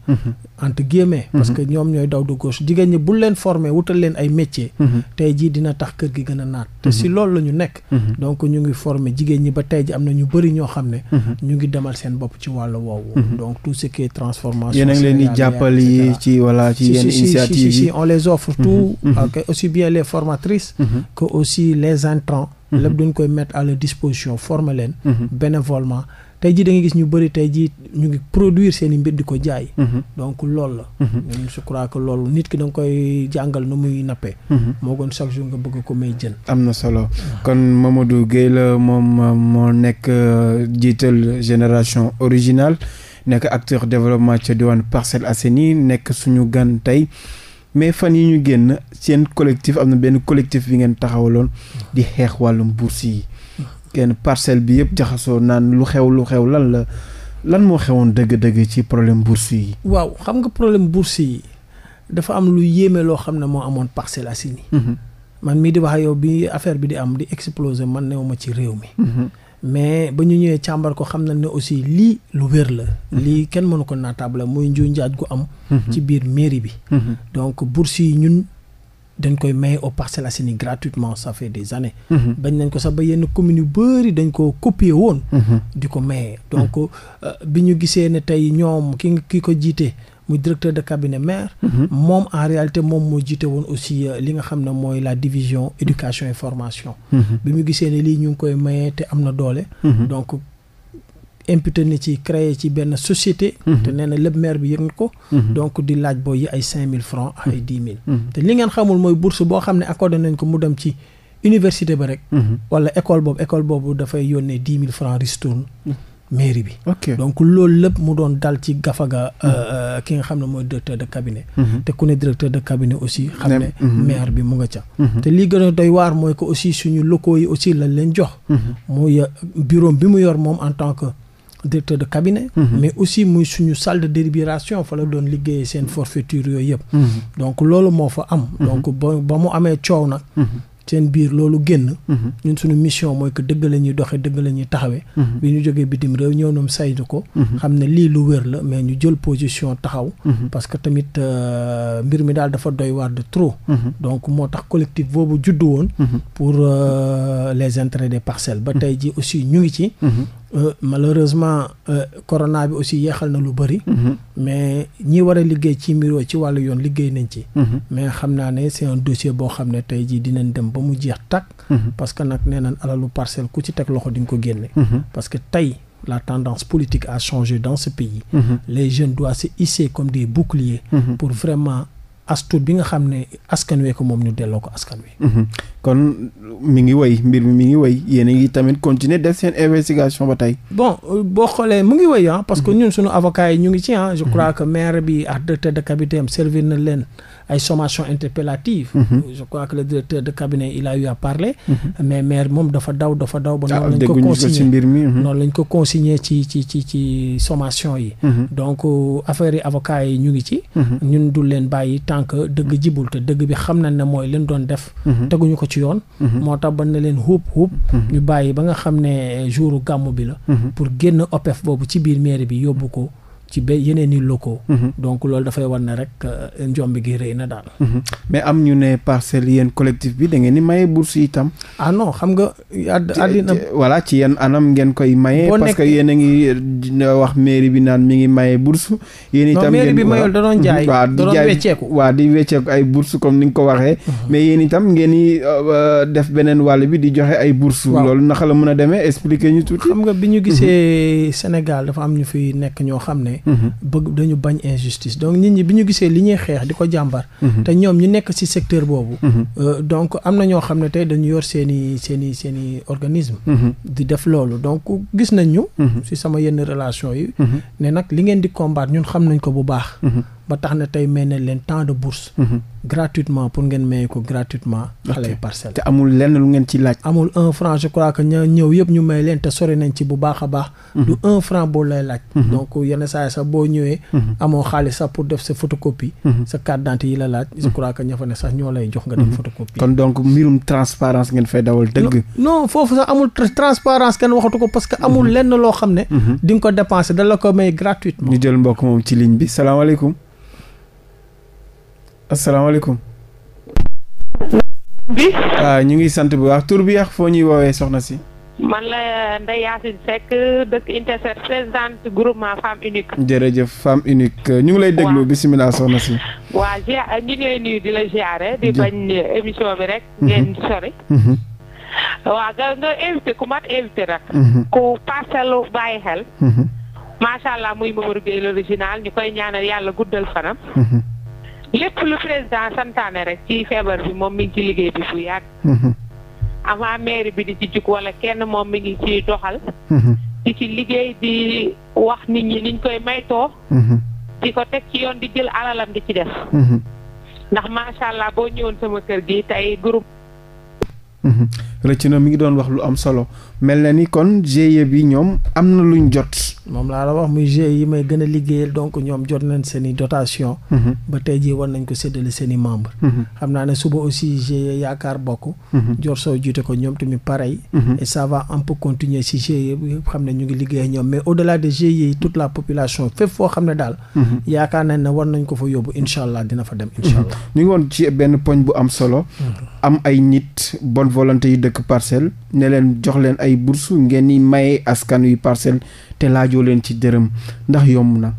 entre guillemets parce que ñoom ñooy daw de gauche jigéen ñi bul leen formé wutal leen ay métier tey jii dina tax kër gi gën a naat te si loolu la ñu nekk donc ñu ngi formé jigéen ñi ba tey am na ñu bëri ñoo xam ne ngi demal seen bopp wàll woowu. Mhm. donc tout ce qui est transformation. yéen a ngi leen di jàppale ci voilà ci yenn initiative yi on les offre mhm. tout. Mhm. ak aussi bien les formatrices. que aussi les intrants. lépp duñ koy mettre à leur disposition former leen. bénévolement. tey jii da gis ñu bëri tey jii ñu ngi produire seeni mbir di ko jaay. Mhm. donc loolu la. ñun mhm. je crois que loolu nit ki danga koy jàngal na muy nappe. Mhm. moo gën chaque jour nga bëgg ko may jën. am na solo kon Mamadou Gueye la moom moo nekk euh, jiital génération originale nekk acteur développement ca diwaan Parcelles Assainies nekk suñu gan tey. mais fan yi ñu génn seen collectif am na benn collectif bi ngeen taxawaloon di xeex wàllum bourse yi kenn parcelle bi yëpp jaxasoo naan lu xew lu xew lan la lan moo xewoon dëgg-dëgg ci problème bourse yi. waaw xam nga problème bourse yi dafa am lu yéeme loo xam ne moo amoon Parcelles Assainies. Mhm. man mii di wax yow bi affaire bi di am di exploser man ma ci réew mi. Mhm. mais ba ñu ñëwee càmbar ko xam na ne aussi lii lu wér la. Mhm. lii kenn mënu ko naataable muy nju njaaj gu am. ci biir mairie bi. donc bourse yi ñun dañ koy maye au Parcelles Assainies gratuitement ça fait des années. Mhm. bañ nañ ko sax ba yenn communes yu bëri dañ ko copier woon. Mhm. di ko maye. donc mhm. euh, bi ñu gisee ne tey ñoom ki nga ki ko jiite. mu directeur de cabinet maire. moom en réalité moom moo jiite woon aussi euh, li nga xam ne mooy la division éducation et formation. bi mu gisee ne lii ñu ngi koy maye te am na doole. donc imputé na ci créé ci benn société mhm. te nee na lépp maire bi yëg na ko mhm. donc di laaj boo yi ay cinq mille francs ay mhm. dix mille te li ngeen xamul mooy bourse boo xam ne accordé nañ ko mu dem ci université ba rek wala école boobu école boobu dafay yónnee dix mille francs ristourne mairie bi donc loolu lépp mu doon dal ci gafaga euh, euh, ki nga xam ne mooy directeur de cabinet te ku ne directeur de cabinet aussi xam ne maire bi mu nga ca te lii gën a doy waar mooy que aussi suñu locaux directeur de cabinet mhm. mais aussi muy suñu salle de délibération fa la doon liggéeyee seen forfaiture yooyu yëpp mhm. donc loolu moo fa am mhm. donc ba ba mu amee coow nag seen biir loolu génn ñun suñu mission mooy que dëgg la ñuy doxee dëgg la ñuy taxawee ñu jógee bitim réew ñëw noom saytu ko xam ne lii lu wér la mais ñu jël position taxaw parce que tamit euh, mbir mi daal dafa doy waar de trop donc moo tax collectif boobu juddu woon pour euh, les intérêts de parcelles ba tey ji aussi ñu ngi Euh, malheureusement euh, corona bi aussi yeexal na lu bëri. Mhm. mais ñi war a liggéey ci miro ci wàllu yoon liggéey nañ ci. Mhm. mais xam naa ne c'est un dossier boo xam ne tey jii dinañ dem ba mu jeex takk. Mhm. parce que nag nee nañ alalu parcelle ku ci teg loxo di nga ko génne. parce que tey. la tendance politique a changé dans ce pays. Les jeunes doivent se hisser comme des boucliers. pour vraiment astuut bi nga xam ne askan wee ko moom ñu delloo ko askan wi. Mhm. kon mi ngi woy mbir mi ngi woy yéen a ngi tamit continuer def seen investigation ba tey. bon euh, boo xoolee mu ngi woy ah, parce que mhm. ñun suñu avocats yi ñu ngi ci ah. je mhm. crois que maire bi ak directeur de cabinet am na leen. ay sommation interpellative mhm. je crois que le directeur de cabinet il a eu a parler mhm. mais maire moom dafa daw dafa daw ba noonu ah, lañ ko consigné mhm. noonu lañ ko consigné ci ci ci ci sommation yi donc euh, affaire yi avocat yi ñu ngi ci ñun dul leen bàyyi tant dëgg jibul te dëgg bi xam nañ ne mooy leen doon def teguñu ko ci yoon moo tax ba ne leen huub huub ñu bàyyi ba nga xam ne jouru gàmmu bi la pour génn OPEF boobu ci biir mairie bi yóbbu ko ci ba yeneen i locaux. Mhm. donc loolu dafay war na rek euh, njombi gi rëy na daal. Mhm. mais am ñu ne parcelles yéen collectif bi da ngeen di maye bourse itam. ah xam nga. àddina voilà ci yenn anam ngeen koy maye. parce yéen a ngi wax mairie bi naan mi ngi maye bourse. yéen itam ngeen mairie bi mayol da doon jaay. Mhm. da doon wecceeku waaw di wecceeku ay bourse comme ni nga ko waxee. mais yéen itam ngeen di euh, euh, def beneen wàll bi di joxe ay bourse loolu naka la mën a demee expliquer ñu tuuti. xam nga bi ñu gisee senegal dafa am ñu fi nekk ñoo xam ne. Mm-hmm. bëgg dañu bañ injustice donc nit ñi bi ñu gisee li ñuy xeex di ko jàmbar mm-hmm. te ñoom ñu nekk ci secteur boobu mm-hmm. euh, donc am na ñoo xam ne tey dañu yor seen i seen i seen i organisme di def loolu donc gis nañ ñu ci sama yenn relation yi ne nag li ngeen di combattre ñun xam nañ ko bu baax ba tax na tey may nañ leen temps de bourse mhm. gratuitement pour ngeen maye ko gratuitement xale yi parcelle te amul lenn lu ngeen ci laaj amul un franc je ñëw yëpp ñu may leen te sori nañ ci bu baax a mhm. du un franc boo lay laaj mhm. donc yenn saa sax boo ñëwee amoo xaalis sax pour def sa photocopie sa carte yi la laaj je crois fa ne sax ñoo lay jox nga dem photocopie kon donc mbirum transparence ngeen fay dawal dëgg non foofu sax amul transparence asalaamaaleykum. bi. waaw ah, ñu ngi sant bi baax tur bi ak foo ñuy woowee soxna si. man la Ndeye Yacine Seck dëkk Interset présidente groupement Femme Unique. jërëjëf Femme Unique ñu ngi lay déglu bisimilah soxna si. waa ja ñu ngi lay di la ziare. di bañ émission bi rek. Mhm. ngeen sori. Mhm. waa nga nga invité ku mat invité nag. Mhm. ku parcelle bàyyi xel. macha allah muy Mamadou Gueye l'original ñu koy ñaanal yàlla guddal fanam. lépp lu président santaane rek ci feebar bi moom mi ngi ci liggéey bi bu yàgg. Mhm. avant mairie bi di ci jug wala kenn moom mi ngi ci doxal. Mhm. di ci liggéey di wax nit ñi niñ koy maytoo. Mhm. di ko teg ci yoon di jël alalam di ci def. ndax macha allah boo ñëwoon sama kër gi tey group rëcc na mi ngi doon wax lu am solo mel na ni kon GIE bi ñoom am na luñ jot. moom laa la wax mu GIE yi may gën a liggéeyal donc ñoom jot nañ seen i dotation. Mhm. ba tey jii war nañ ko séddale seen i membres. Mhm. xam naa ne suba aussi GIE yaakaar bokk. Mhm. jor soo jiite ko ñoom tamit pareil. et ça va un peu continuer si GIE bi xam ne ñu ngi liggéey ñoom mais au la de GIE yi toute la population fépp foo xam ne daal. yaakaar nañ ne war nañ ko fa yóbbu incha allah dina fa dem. incha allah ñu parcelle ne leen jox leen ay bourse ngeen ni maye askan wi parcelle te laajoo leen ci dërëm ndax yomb na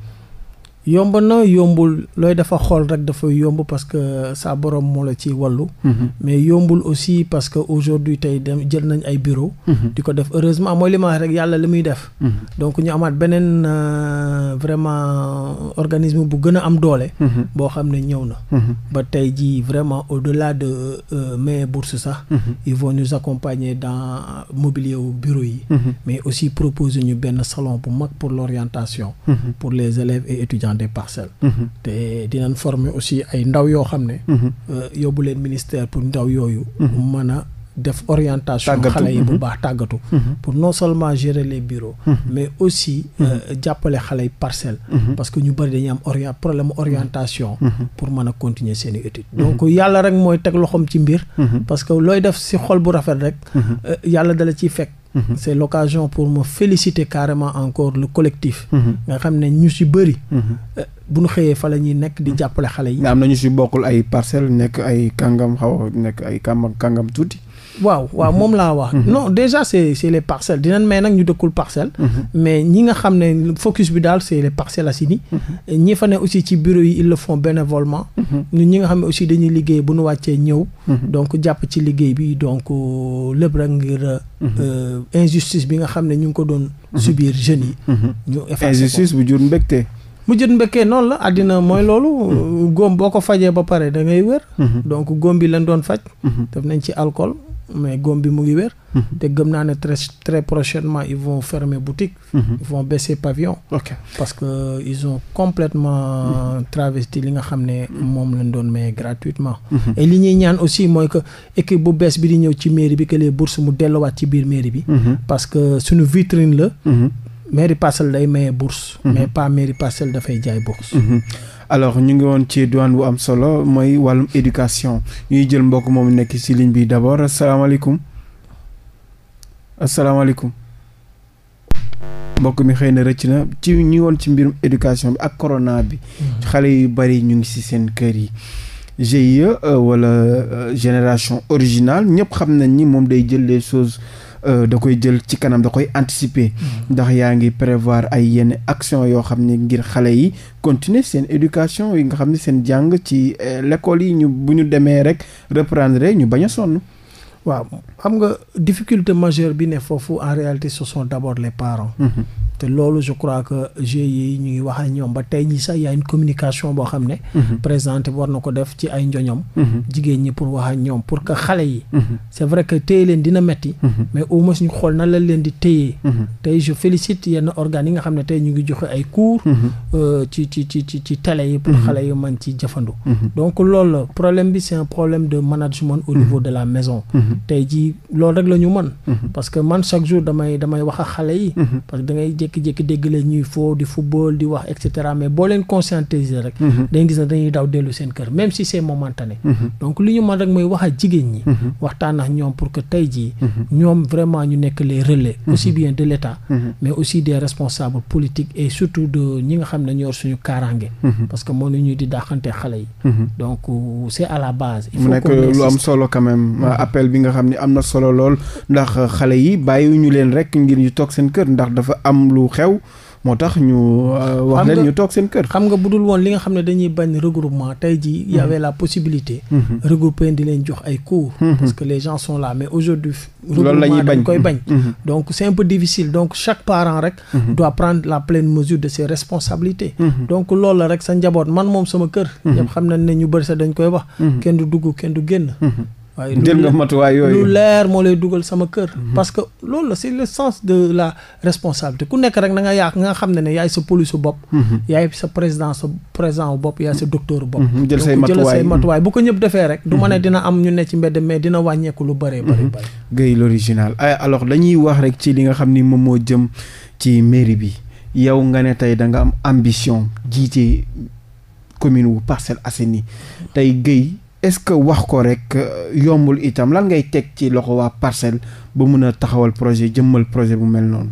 yomb na yombul looy dafa xool rek dafa yomb parce que sa borom moo la ci wàllu mhm. mais yombul aussi parce que aujourd'hui tey dem jël nañ ay bureau mhm. di ko def heureusement mooy li ma wax rek yàlla li muy def mhm. donc ñu amaat beneen euh, vraiment organisme bu gën a am doole boo xam ne ñëw na ba tey ji vraiment au-delà de euh, mes bourses sax ils nous accompagner dans mobilier bureau yi mais aussi proposer ñu benn salon bu mag pour l'orientation pour les élèves et étudiants dans des parcelles. Mm-hmm. te dinañ former aussi ay ndaw yoo xam ne. Mm-hmm. Euh, yóbbu leen ministère pour ndaw yooyu. Mm-hmm. mën a def orientation. xale yi bu baax tàggatu. pour non seulement gérer les bureaux. mais aussi euh, jàppale xale yi parcelle. parce que ñu bëri dañuy am ori problème orientation. pour mën a continuer seen i études. donc yàlla rek mooy teg loxoom ci mbir. parce que looy def si xol bu rafet rek. Euh, yàlla dala ciy fekk. c' est l' pour me féliciter carrément encore le collectif. Mhm. nga xam ne ñu si bëri. Mhm. Euh, bu nu xëyee fa la ñuy nekk di mhm. jàppale xale yi. mais am na ñu si bokkul ay parcelles nekk ay kàngam xaw nekk ay kàngam kàngam tuuti. waaw waaw mhm. moom laa wax. Mhm. non déjà c'est c'est les parcelle dinañ may nag ñu dëkkul parcelle. Mhm. mais ñi nga xam ne focus bi daal c'est les si ni ñi fa ne aussi ci bureau yi le font bénévolement. ñun ñi nga xam ne aussi dañuy liggéey bu nu wàccee ñëw. donc jàpp ci liggéey bi donc euh, lépp rek ngir. Euh, euh, injustice bi nga xam ne ñu ngi ko doon. subir jeunes yi. ñu effacer injustice bu jur mbégte. mu jët mbekkee noonu la àddina mooy loolu góom boo ko fajee ba pare da ngay wér donc góom bi lañ doon faj def nañ ci alcool mais gome bi mu ngi wér. Mhm. te gëm naa ne très très prochainement ils vont fermer boutique. Mhm. ils vont baisser pavillon. parce que euh, ils ont complètement mhm. euh, travesti li nga xam ne moom lañ doon mais gratuitement. et li ñuy ñaan aussi mooy que équipe bu bees bi di ñëw ci mairie bi que les mu delluwaat ci biir mairie bi. parce que suñu vitrine la. mairie parcelle day maye bourse. mais pas mairie parcelle dafay jaay bourse. alors ñu ngi woon ci diwaan bu am solo mooy wàllum éducation ñuy jël mbokk moom nekk ci ligne bi d'abord asalaamaaleykum asalaamaaleykum mbokk mi xëy na rëcc na ci ñu woon ci mbirum éducation bi ak corona bi. Mm-hmm. xale yu bari ñu ngi ci seen kër yi. GIE euh, wala euh, génération originale ñëpp xam na ni moom day jël les choses. Euh, da koy jël ci kanam da koy anticiper mm-hmm. ndax yaa ngi prévoir ay yenn action yoo xam ne ngir xale yi continuer seen éducation yi nga xam ne seen jàng ci euh, l'école yi ñu bu ñu demee rek reprendre ñu bañ a sonn waaw xam nga difficulté majeure bi ne foofu en réalité ce sont d'abord les parents. Mhm. te loolu je crois que GIE yi ñu ngi wax ak ñoom ba tey ñi sax yaa a une communication boo xam ne. Mhm. présenté war na ko def ci ay njoñom. Mhm. jigéen ñi pour wax ak ñoom pour que xale yi. c'est vrai que téye leen dina metti mais au moins ñu xool na lañ leen di téye. tey je félicite yenn organes yi nga xam ne tey ñu ngi joxe ay cours. Euh, ci ci ci ci ci télé yi. pour xale yi mën ci jëfandu. donc loolu problème bi c'est un problème de management au niveau de la maison. Mm-hmm. tey jii loolu rek la ñu mm-hmm. parce que man chaque jour damay wax ak xale yi mm-hmm. parce que da ngay jékki-jékki dégg leen ñuy foo di football di wax et mais boo leen conscientiser rek dañuy gis ne dañuy daw dellu seen kër même si c'est momentané donc li ñu mën rek mooy wax ak jigéen ñi waxtaan ñoom pour que tey jii ñoom vraiment ñu nekk les relais aussi bien de l'État mais aussi des responsables politiques et surtout de ñi nga xam ne ñoo suñu kaaraange parce que moo nga xam ne am na solo lool ndax xale yi bàyyiwuñu leen rek ngir ñu toog seen kër ndax dafa am lu xew moo tax ñu euh, wax leen ñu toog seen kër xam nga bu dul woon li nga xam ne dañuy bañ regroupement tey jii y mm-hmm. avait la possibilité mm-hmm. regrouper di leen jox ay cours mm-hmm. parce que les gens sont mais aujourd'hui loolu la ñuy bañ koy bañ donc c'est un peu difficile donc chaque parent rek doit prendre la pleine mesure de ses responsabilités donc loolu la rek sa njaboot man moom sama kër ñëpp xam nañ ne ñu bëri waaye jël nga matuwaay yooyu lu leer moo lay dugal sama kër. Mhm. parce que loolu la c'est le sens de la responsabilité ku nekk rek na nga yaaq nga xam ne ne yaay sa police bopp. Mhm. yaay sa président sa président bopp yaay sa docteur bopp. Mhm. jël say matuwaay say matuwaay bu ko ñëpp defee rek. du ma ne dina am ñu ne ci mbedd mais dina wàññeeku lu bëree bëri. Guèye l'original ah, alors dañuy wax rek ci li nga xam ni moom moo jëm ci mairie bi yow nga ne tey da nga am ambition jiite commune wu Parcelles Assainies tey Guèye. est-ce que wax ko rek euh, yombul itam lan ngay teg ci loxo waa parcelle ba mun a taxawal projet jëmmal projet bu mel noonu.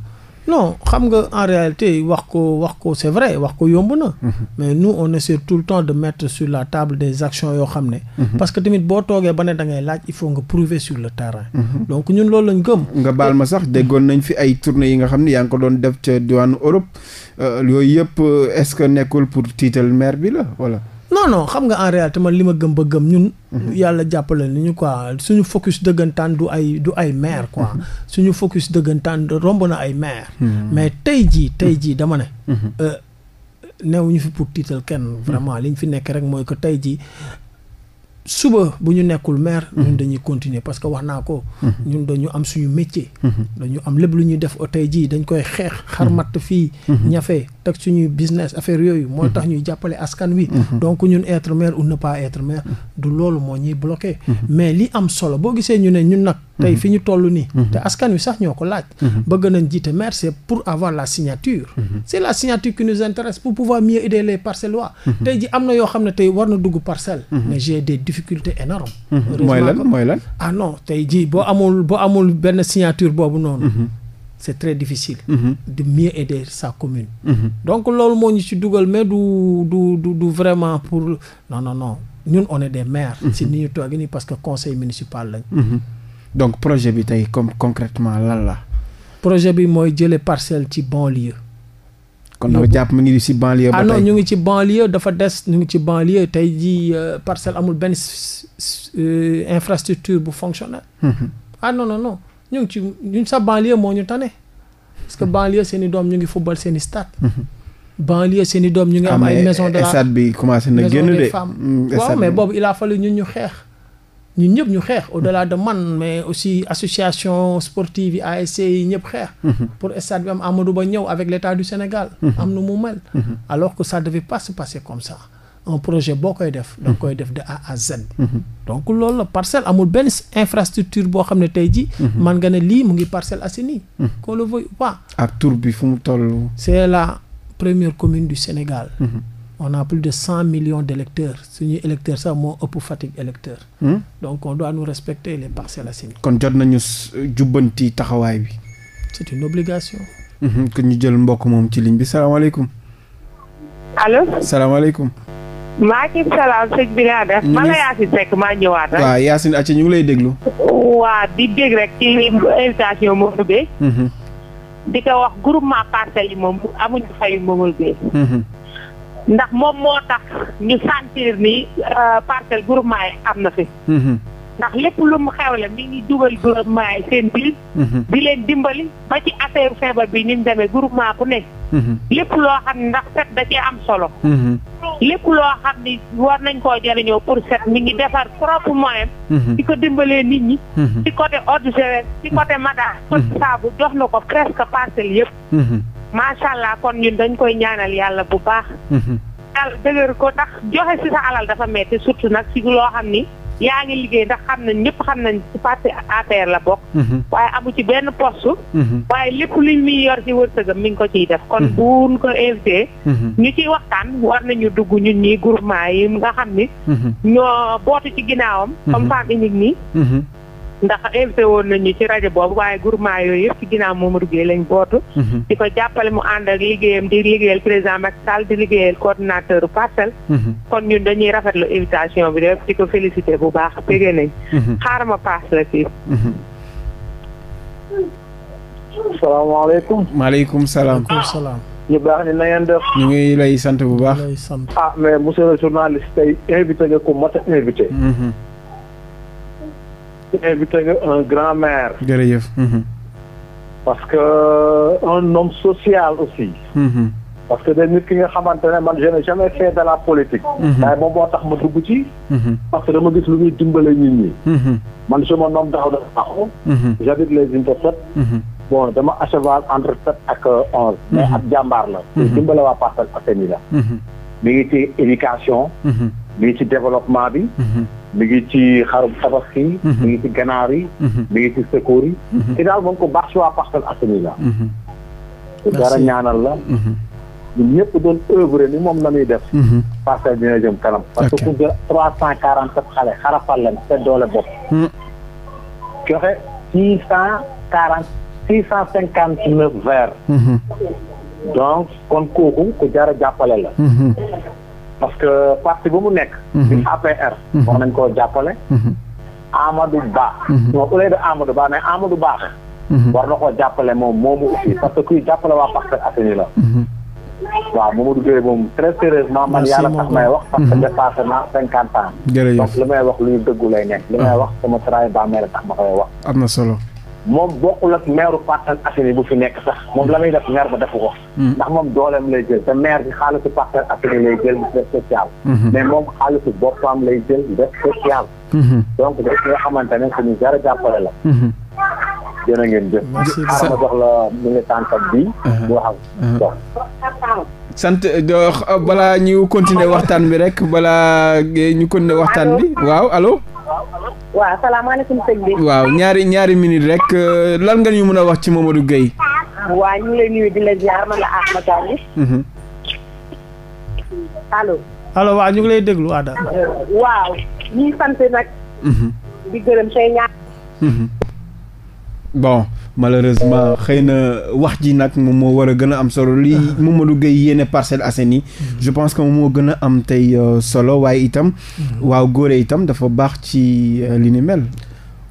non xam nga en réalité wax ko wax ko c'est vrai wax ko yomb na. Mhm. mais nous on essaie tout le temps de mettre sur la table des actions yoo xam ne. Mhm. parce que tamit boo toogee ba ne da ngay laaj il faut nga prouver sur le terrain. Mhm. donc ñun loolu lañ gëm. nga baal ma sax déggoon nañ fi ay tournées yi nga xam ne yaa ngi ko doon def ca diwaanu Europe euh, yooyu yëpp euh, est-ce que nekkul pour tiital maire bi la voilà. non non xam nga en réalité man li ma gëm ba gëm ñun. Mhm. yàlla jàppale ni ñu suñu focus dëggantaan du ay du ay maire quoi mhm. suñu focus dëggantaan romb na ay maire. Mhm. mais tey jii tey jii dama ne. Euh, neew ñu fi pour tiital kenn. vraiment liñ fi nekk rek mooy que tey jii. suba bu ñu nekkul maire. ñun dañuy continuer parce que wax naa ko. ñun dañu am suñu métier. dañu am lépp lu ñuy def tey jii dañ koy xeex. matt fii. ñafe teg suñuy business affaire yooyu. moo mhm. tax ñuy jàppale askan wi. Mhm. donc ñun être maire ou ne pas être maire. Mhm. du loolu moo ñuy bloqué. mais li am solo boo gisee ñu ne ñun nag. tey fi ñu toll nii. te askan wi sax ñoo ko laaj. bëgg nañ jiite maire c'est pour avoir la signature. c'est la signature qui nous intéresse pour pouvoir mieux aider les tey ji am na yoo xam ne tey war na dugg parcelle. mais j'ai des difficultés énormes. mooy lan mooy lan ah non tey ji boo amul boo amul benn signature boobu noonu. c'est très difficile. Mhm. de mieux aider sa commune. Mhm. donc loolu moo ñu ci dugal mais du du du du vraiment pour non non non ñun on des maires. ci mhm. ni ñu toogee nii parce que conseil municipal lañ. donc projet bi tey comme concrètement lan la. projet bi mooy jëlee parcelle ci banlieue. kon nag jàpp mu ngi ci banlieue. ba ah tey ñu ngi ci banlieue dafa des ñu ngi ci banlieue tey jii euh, parcelle amul benn euh, infrastructure bu fonctionnel. Ah non non non. ñu ngi ci ñun sax banlieue moo ñu tane parce que banlieue seen i doom ñu ngi football seen i stade. Mhm. seen i doom ñu ngi am ay maison de la stade bi commencé na génn de mm, waaw boobu il a fallu ñun ñu xeex ñu ñëpp ñu xeex au la de man mais aussi association sportive yi ASC yi ñëpp xeex mhm. pour stade bi am amadu Ba ñëw avec l' du Sénégal mhm. am na mu mel alors que ça devait pas se passer comme ça un projet boo koy def da mhm. koy def de A à Z mhm. donc loolu la parcelle amul benn infrastructure boo xam ne tey ji mhm. man nga ne lii mu ngi parcelle Assainies qu'on le veuille ou pas bi fu mu toll c'est la première commune du Sénégal on a de cent millions d'électeurs suñuy électeurs sax moo ëpp Fatick électeur hmm? donc on doit nous respecter les Parcelles Assainies kon jot nañu jubbanti taxawaay bi c'est une obligation kon ñu jël mbokk moom ci ligne bi salaamaaleykum allo salaamaaleykum maaleykum salaam sëñ bi nga def. man la Yacine Seck maa ñëwaat rek. waaw Yacine Aca ñu ngi lay déglu. waa di dégg rek ci invitation Mamadou Beye. Mhm. di ko wax groupement parcelles yi moom amuñu fayu Mamadou Beye. Mhm. ndax moom moo tax ñu sentir ni euh, parcelle groupement yi am na fi. Mhm. ndax lépp lu mu xewle mi ngi dugal groupement yi seen biir. Mhm. di leen dimbali ba ci affaire feebar bi ni mu demee groupement bu nekk. Mhm. lépp loo xam ne ndax set da ci am solo. Mhm. lépp loo xam ni war nañ koo jëriñoo pour set mi ngi defar propre moyen. di ko dimbalee nit ñi. ci côté eau de ci côté madaar. côté saabu jox na ko presque parcelle yëpp. macha allah kon ñun dañ koy ñaanal yàlla bu baax. yàlla dëgër ko ndax joxe si sa alal dafa metti surtout nag si loo xam ni. yaa ngi liggéey ndax xam nañ ñëpp xam nañ ci parti APR la bokk. Mhm. waaye amu ci benn poste. Mhm. waaye lépp lu muy yor ci wërsëgam mi ngi ko ciy def. kon mhm. buñ ko invité. ñu ciy waxtaan war nañu dugg ñun ñii groupement yi nga xam ni. ñoo bootu ci ginnaawam. comme femme unique nii. ndax invité woon nañu ci rajo boobu waaye groupement yooyu yëpp ci ginnaaw Mamadou Gueye lañ bootu. Mhm. di ko jàppale mu ànd ak liggéeyam di liggéeyal président Macky Sall di liggéeyal coordinateur parcelle. Mhm. kon ñun dañuy rafet lu invitation bi def di ko félicité bu baax bëggee nañ. Mhm. xaaral ma paas la fii. salaamaaleykum. maaleykum salaam. ñu baax ni na ngeen def. ñu ngi lay sant bu baax. ah mais monsieur le journaliste tey invité ko mat a invité nga un grand maire. jërëjëf. Mhm. parce que euh, un nom social aussi. Mhm. parce que da nit ki nga xamante ne man je n'ai jamais fait de la politique. waaye mhm. moom moo tax ma dugg ci. parce que dama gis lu muy dimbale nit ñi. man je me nomme Daouda Sakho. j'habite les Unité bon dama à cheval entre sept ak onze. mais ak jàmbaar la. dimbale waa Parcelles Assainies la. mi ngi éducation. mi ngi ci développement bi. Mhm. mi ngi ci xarum tabax yi. Mhm. mi ngi ci ganaar yi. Mhm. mi ngi ci secours yi. te daal moom ko baax si waa Parcelles Assainies la. te dara ñaanal la. ñun ñëpp doon œuvre ni moom la muy def. parcelle dina jëm kanam. parce que ku jël trois cent quarante sept xale xarafal leen te doole bopp. Hmm. joxe six cent quarante six cent cinquante neuf verres. donc kon kooku ku jar a jàppale la. parce que parti bu mu nekk. Mhm. di APR. Mhm. wax nañ koo jàppale. Mhm. Amadou Ba. non au lieu de Amadou Ba mais Amadou Ba. war na koo jàppale moom moomu aussi parce que kuy jàppale waa Parcelles Assainies la. waaw Mamadou Gueye moom très sérieusement man yàlla tax may wax parce que dépassé naa cinquante ans. donc li may wax lu ñu dëggu lay nekk. li may ah. wax sama ba baa may la tax ma koy wax. am na solo. moom bokkul ak maire Parcelles Assainies bu fi nekk sax moom la muy def maire ba defu ko. Hmm. ndax moom dooleem lay jël te maire bi xaalisu Parcelles Assainies lay jël def social. Hmm. mais moom xaalisu boppam lay jël def social. Hmm. donc daf nga xamante ne suñu jar a jàppale la. jërë ngeen jëf. merci beaucoup xaaral ma jox la militant bi. Uh-huh. mu wax ak uh-huh. sant euh, euh, balaa ñu continuer waxtaan bi rek balaa euh, ñu continuer waxtaan bi waaw allo. waaw salaamaaleykum sëñ bi. waaw ñaari ñaari minute rek euh, lan nga ñu mën a wax ci Mamadou Gueye. waa ñu ngi lay nuyu di la ziar man la Asma Diagne. Mhm. allo. allo waaw ñu ngi lay déglu Ada. waaw ñuy sant nag. Mhm. di gërëm say ñaar. Mhm. bon. malheureusement xëy na wax ji nag moom moo war a gën a am solo lii ma ah. Mamadou Gueye yéene Parcelles nii mm-hmm. je pense que moom moo gën a am tey euh, solo waaye itam mm-hmm. waaw góore itam dafa baax ci euh, li ni mel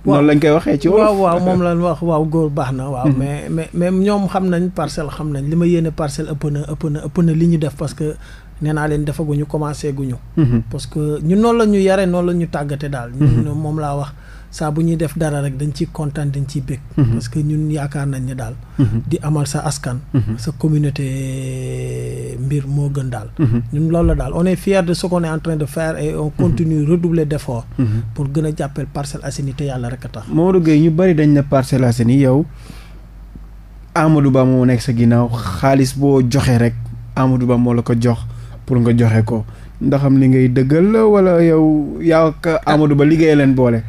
noonu lañ koy waxee ci waaw waaw moom lañ wax waaw góor baax na waaw mm-hmm. mais mais mais ñoom xam nañ parcelle xam nañ li ma yéene parcelle ëpp na ëpp na ëpp na li ñu def parce que nee naa leen defaguñu commencé guñu parce que ñun noonu la ñu yare noonu la ñu tàggate daal ñun moom laa wax saa bu ñuy def dara rek dañ ciy kontaan dañ ciy bég mhm. parce que ñun yaakaar nañ ne daal mhm. di amal sa askan mhm. sa communauté mbir moo gën daal ñun loolu la daal on est fier de ce qu'on de faire et on continue redoubler d'efforts pour gën a jàppale Parcelles Assainies te yàlla rek a tax Mamadou Gueye ñu bari dañ ne Parcelles Assainies yow Amadou Ba moo nekk sa ginnaaw xaalis boo joxee rek Amadou Ba moo la ko jox pour nga joxe ko ndax ni ngay dëggal la wala yow yaa ak Amadou Ba liggéey leen boole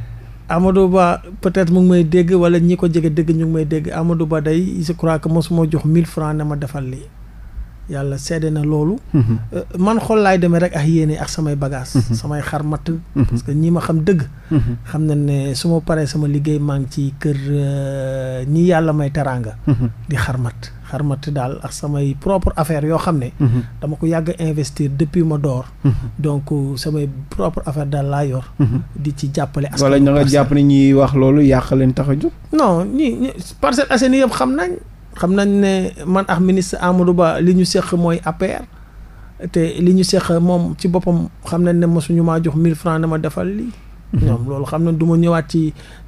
Amadou Ba peut-être mu ngi may dégg wala ñii ko jege dégg ñu ngi may dégg Amadou Ba day je crois que mos moo jox 1000 francs ne ma defal lii. yàlla seede na loolu. Mhm. Euh, man xol laay demee rek ak yéene ak samay bagages. Mhm. samay xar matt. Mhm. parce que ñi ma xam dëgg. xam na ne su ma paree sama liggéey maa ngi ci kër euh, ñi yàlla may teraanga. di xar matt xar matt daal ak samay propre affaire yoo xam ne. dama ko yàgg investir depuis ma door. donc euh, samay propre affaire daal laa yor. di ci jàppale. askan wala nga jàpp ne ñuy wax loolu yàq leen tax a jóg. non ñi Parcelles Assainies yëpp xam nañ. xam nañ ne man ak ministre Amadou Ba li ñu seq mooy APR te li ñu seq moom ci boppam xam nañ ne mosuñu maa jox mille francs dama defal lii. Mhm. ñoom loolu xam na duma ñëwaat ci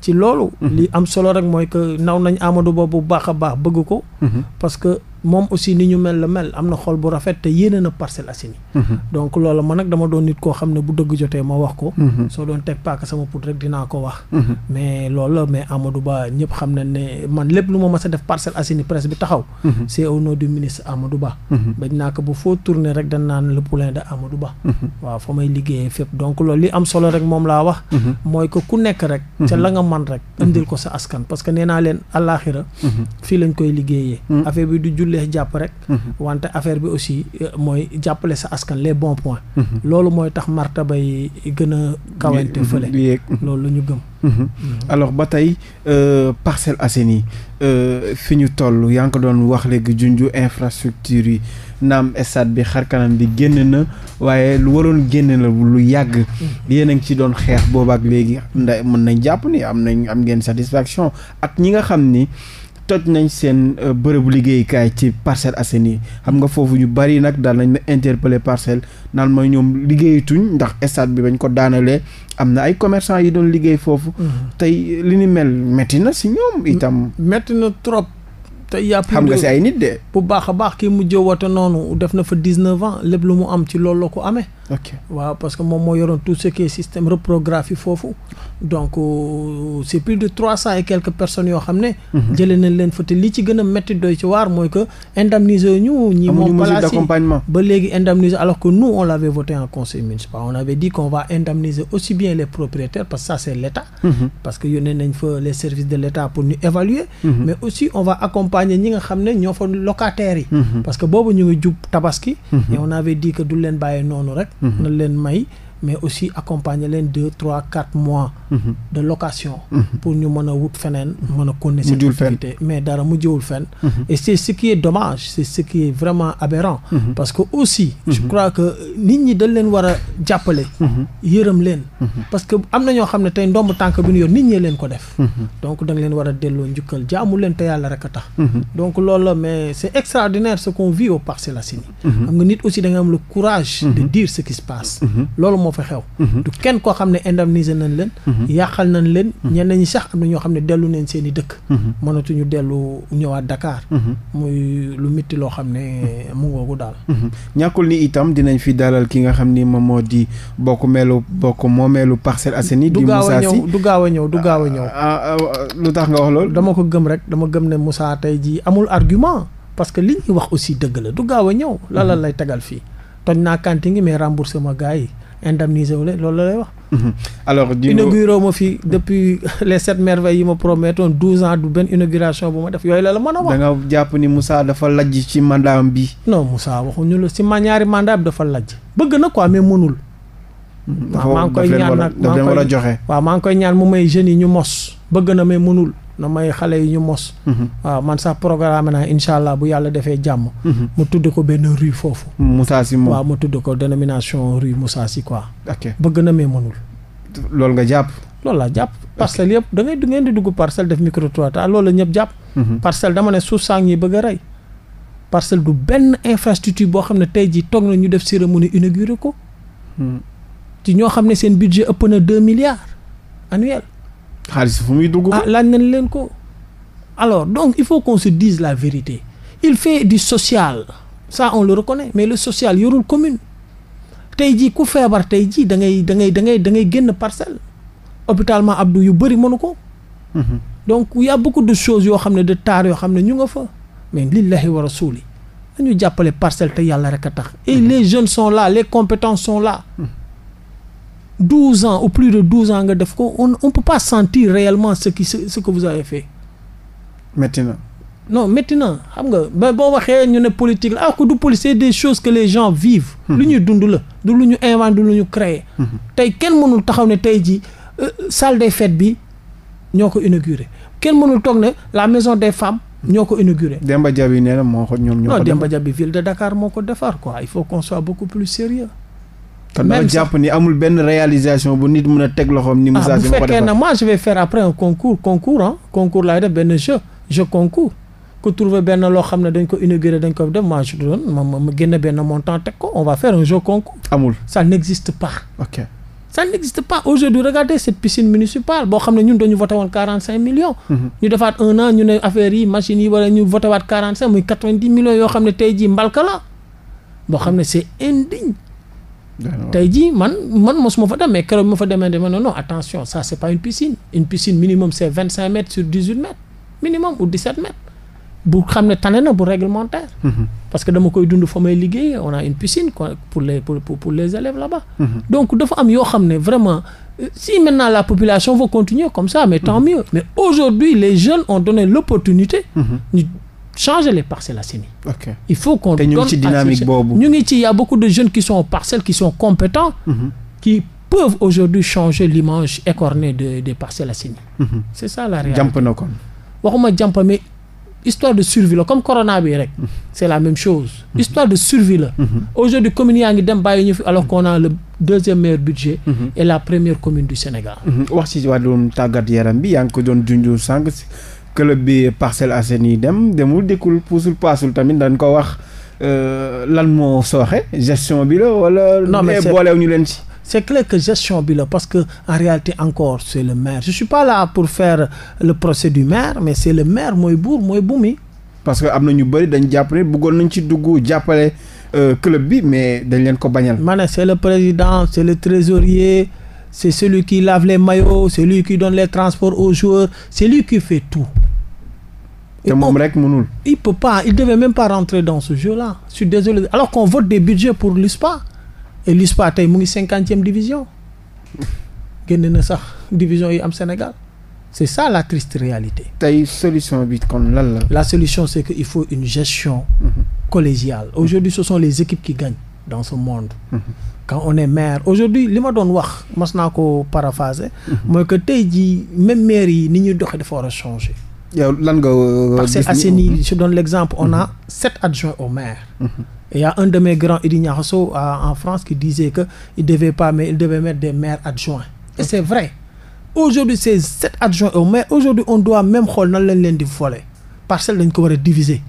ci loolu. Mhm. li am solo rek mooy que naw nañ Amadou Ba bu baax a baax bëgg ko. Mhm. parce moom aussi ni ñu mel la mel am na xol bu rafet te yéene na Parcelles mhm. donc loolu man nag dama doon nit koo xam ne bu dëgg jotee ma wax ko mhm. soo doon teg paaka sama put rek dinaa ko wax mhm. mais loolu la mais Amadou Ba ñëpp xam na ne man lépp a def Parcelles Assainies presse bi taxaw c'est au nom du ministre Amadou Ba bañ naa ko bu foo tourner rek dañ naan le poulain de Amadou Ba waaw fa may liggéeyee fépp donc loolu li am solo rek moom laa wax mooy que ku nekk rek ca la nga man rek indil ko sa askan parce nee naa leen àllaaxira fii lañ koy liggéeyee affaire leex jàpp rek mhm. wante affaire bi aussi euh, mooy jàppale sa askan les bons mhm. loolu mooy tax martaba yi gën a kawante fële loolu la ñu gëm mhm. alors ba tey euh, Parcelles Assainies euh, fi ñu toll yaa ngi ko doon wax léegi junju infrastructure yi naam stade bi xar kanam bi génn na waaye lu waroon génn la lu yàgg yéen a ngi ci doon xeex boobaak léegi nda mën nañ jàpp ni am nañ am ngeen satisfaction ak ñi nga xam ni toj nañ seen euh, bërëbu liggéeykaay ci Parcelles Assainies xam nga foofu ñu bari nag daal nañ ma interpeller parcelle naan ma ñoom liggéeyatuñ ndax stade bi bañ ko daanalee am na ay commerçant yi doon liggéey foofu. Mhm. tey li ni mel métti na si ñoom itam. métti na trop. tey yaa xam nga si ay nit de. bu baax a baax kii mujjee woote noonu def na fa dix neuf ans lépp lu mu am ci loolu la ko amee. waaw parce que moom moo yoroon tout ce qui système reprographie foofu donc euh, c' plus de trois cent et quelques personnes yoo xam ne. Mhm. jëlee nañ leen fa te li ci gën a doy ci waar mooy que indemniser ñu. ñi moom place yi ba léegi indemniser alors que nous on l' avait voté en conseil municipal on avait dit qu'on va indemniser aussi bien les propriétaires parce que mhm. de l' accompagner ñi nga xam ne ñoo fa locataires yi. Mhm. parce que boobu ñu ngi jub tabaski. Mhm. et on avait dit que du leen bàyyi noonu rek. Mhm. na leen may. mais aussi accompagner leen deux trois quatre mois. Mhm. de location. Mhm. pour ñu mën a wut feneen. mën a connaître cette activité mais dara mu jiwul fenn. Mhm. et c' est ce qui est vraiment aberrant. parce que aussi. je crois que nit ñi dañ leen war a jàppale. yërëm leen. parce que am na ñoo xam ne tey ndomb tànk bi ñu yor nit ñi leen ko def. donc da leen war a delloo njukkal jaamu leen te yàlla rek a tax. donc loolu la mais c' est extraordinaire ce qu' on vit au Parcelles Assainies. xam nga nit da nga am le courage. de dire ce qui fa xew mhm. du kenn koo xam ne indemniser nañ leen mhm. yàqal nañ leen mhm. ñeen ñi sax am na ñoo xam ne dellu nañ seen i dëkk mënatuñu dellu ñëwaat Dakar muy lu métti loo xam ne mu ngoogu daal ñàkkul ni itam dinañ fi dalal ki nga xam ni moom moo di bokk meelu bokk melu Parcelles Assainies di Moussa Sy du gaaw a ñëw du gaaw a ñëw ah, ah, ah, lu tax nga wax loolu dama ko gëm rek dama gëm ne Moussa tey ji amul argument parce que li ñuy wax aussi dëgg la du gaaw a ñëw la lan lay tegal fii toj gars yi indemniser wu leen loolu la lay wax. Mhm. alors inauguré fi depuis les sept merveilles yi ma promettoon douze ans du benn inauguration bu ma def yooyu la la mën a wax. da nga jàpp ni Moussa dafa lajj ci mandat am bi. non Moussa waxuñu la si ma ñaari mandat bi dafa lajj bëgg na quoi mais mënul. Mhm. waaw maa ngi koy ñaan a joxe. mu may jeunes yi ñu mos bëgg na mais mënul. na may xale yi ñu mos. Mhm. waaw man sax programme naa incha allah bu yàlla defee jàmm. Mhm. mu tudd ko benn rue foofu. Moussa Sy moom waaw mu tudd ko dénomination rue Moussa Sy quoi. ok bëgg na mais mënul. loolu nga jàpp. loolu laa jàpp parcelle yëpp da ngay ngeen di dugg parcelle def micro trottoir ah, loolu la ñëpp jàpp. Mhm. parcelle dama ne suuf saa ngi bëgg a rey. parcelle du benn infrastructure boo xam ne tey jii toog na ñu def cérémonie inauguré ko. Hmm. ci ñoo xam ne seen budget ëpp na deux milliards xaalis fu muy dugg. ah laaj nañ leen ko. alors donc il faut qu'on se dise la vérité il fait di social ça on le reconnaît mais le social yorul commune tey jii ku feebar tey jii da ngay da ngay da ngay da ngay génn parcelle hôpital ma Abdou yu bëri mënu ko. Mhm. donc y ko beaucoup de choses yoo xam ne de taar yoo xam ne ñu nga fa mais lillahi wa rasuli dañu jàppale parcelle te yàlla rek a tax. et mhm. les jeunes sont là les compétences son là. Mhm. 12 ans ou plus de 12 ans nga def ko on on peut pas sentir réellement ce qui ce, que vous avez fait. métti na. non métti xam nga ba boo waxee ñu ne politique la ah ku du politique des choses que les gens vivent. Hmm. lu ñuy dund la du lu ñu inventé du lu ñu créé. Hmm. tey kenn mënul taxaw ne tey jii euh, salle des fêtes bi ñoo ko inauguré kenn mënul toog ne la maison des femmes. ñoo ko inauguré. Demba Diaby nee na moo ko ñoom ñoo ko. non bi Diaby ville de Dakar moo ko defar quoi il faut qu'on soit beaucoup plus sérieux te dama jàpp ni amul réalisation bu nit mën a teg ni ma ah, na moi je vais faire après un concours concours ah concours laay def benn jeu benn loo xam ne dañ ko inauguré dañ ko def moi je doon ma ma génn benn montant teg on va faire un jeu concours amul ça n'existe pas ok boo xam ne ñun dañu voté woon quarante cinq millions mhm. ñu defaat un an ñu ne affaire yi machines yi wala ñu voté waat quarante cinq muy quatre yoo xam ne tey jii mbalka la boo xam ne c'est indigne tey jii man man ma fa dem mais keroog ma fa demee dama ne non attention ça c'est pas une piscine une piscine minimum c'est vingt cinq mètres sur dix huit mètres minimum ou dix sept mètres bu xam ne tane na bu réglementaire. Mhm. parce que dama koy dund fa may liggéey on a une piscine pour les pour élèves là-bas. Mhm. donc dafa am yoo xam ne vraiment euh, si maintenant la population va continuer comme ça mais tant mhm. mieux mais aujourd'hui les jeunes ont donné l'opportunité. changer les parcelles assainies. ok il faut qu'on te ñu ci dynamique boobu ñu ci y a beaucoup de jeunes qui sont en parcelles qui sont compétents. Mm-hmm. qui peuvent aujourd'hui changer l'image écornée de des parcelles assainies. Mm-hmm. c'est ça la réalité jàmp na kon. waxuma jàmp mais histoire de survie la comme corona bi rek. Mhm. c'est la même chose. Mhm. histoire de survie la. Mhm. aujourd'hui communes yaa ngi dem bàyyi ñu fi alors qu'on a le deuxième meilleur budget. et la première commune du Sénégal. wax ci wàllum tàggat yaram bi yaa ngi ko doon junj sànq. club bi Parcelles Assainies dem demul dikkul puusul paasul tamit dañ ko wax euh, lan moo sooxe gestion bi la wala. non mais boolew ñu leen ci. c'est clair que gestion bi la parce que en réalité encore c'est le maire je suis pas là pour faire le procès du maire mais c'est le maire mooy buur mooy bumi. parce que am na ñu bëri dañ jàpp buggoon bëggoon nañ ci dugg jàppale euh, club bi mais dañ leen ko bañal. ma ne c'est le président c'est le trésorier c'est celui qui lave les maillots les transports aux joueurs c'est tout. te moom rek mënul. il peut pas il devait même pas rentrer dans ce jeu là suis désolé alors qu'on vote des budgets pour l'USPA et l'USPA tey mu ngi cinquantième division génn na sax division yi am Sénégal c'est ça la triste réalité. tey solution bi kon lan la. la solution c'est que il faut une gestion. Mhm. collégiale aujourd'hui ce sont les équipes qui gagnent dans ce monde. Mhm. quand on est maire aujourd'hui li ma doon wax mas naa ko paraphraser. Mhm. mooy que tey jii même maire yi ni ñuy doxee dafa yow lan nga. Euh, Parcelles Assainies mm-hmm. je donne l'exemple on a mm-hmm. sept adjoints au maire. Mm-hmm. il y a un de mes grands Idi Niasso en France qui disait que il devait pas mais il devait mettre des maires adjoints. et c'est vrai aujourd'hui c'est sept adjoints au maire aujourd'hui on doit même xool nan lañ leen di voler parcelle dañ ko war a diviser.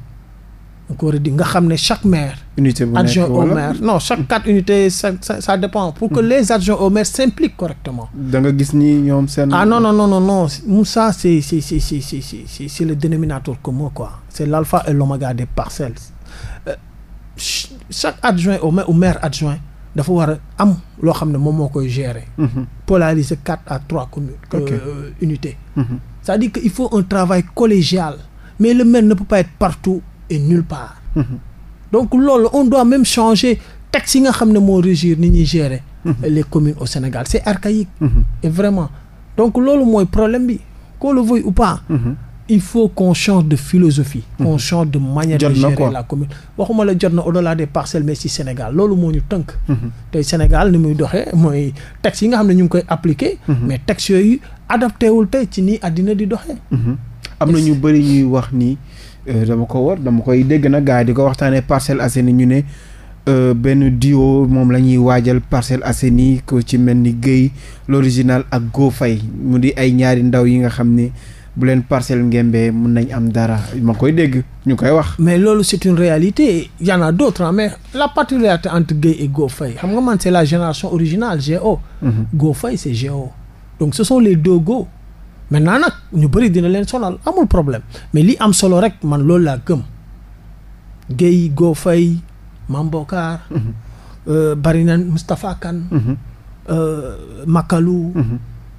da di nga xam ne chaque maire. unité bu adjoint au maire non chaque hmm. quatre unités ça ça dépend. pour que hmm. les adjoints au s'impliquent correctement. da nga gis ni ñoom seen. ah non non non non non Moussa c'est c'est c'est c'est le dénominateur commun quoi c'est l'alpha et l'oméga des parcelles euh, chaque adjoint au maire ou maire adjoint dafa war am loo xam ne moom moo koy gérer. Mm-hmm. polariser quatre à trois communes. Euh, unités. Mm-hmm. c'est-à-dire que il faut un travail collégial mais le maire ne et nulle part. Mm-hmm. donc loolu on doit même changer texte yi nga xam ne moo régir ni ñuy gérer. Mm-hmm. les communes au Sénégal c'est archaïque. Mm-hmm. et vraiment donc loolu mooy problème bi qu'on le veuille ou pas. il faut qu'on de philosophie. qu'on change de manière de gérer la commune. waxuma la jot na au-delà des parcelles mais ci Sénégal loolu moo ñu tënk. tey Sénégal ni muy doxee mooy texte yi nga xam ne ñu ngi koy appliquer. mais texte yooyu adapté wul tey ci nii addina di doxee. na ñu bari ñuy wax ni. Euh, dama ko war dama koy dégg na gaa di ko waxtaanee Parcelles Assainies ñu ne euh, benn duo moom la ñuy waajal Parcelles Assainies ko ci mel ni Guèye l'original ak Go Faye mu di ay ñaari ndaw yi nga xam ni bu leen Parcelles ngembee mun nañ am dara ma koy dégg ñu koy wax. mais loolu c'est une réalité y en a d'autres mais la particularité entre Guèye et Go Faye xam nga man c'est la génération originale GO. Mhm. Go Faye c'est GO donc ce sont les deux maintenant nag ñu bëri dina leen solal amul problème mais li am solo rek man loolu laa gëm Guèye Go Faye Mambokaar mhm. euh, mhm. euh, mhm. bari nañ Moustapha Kane Makalu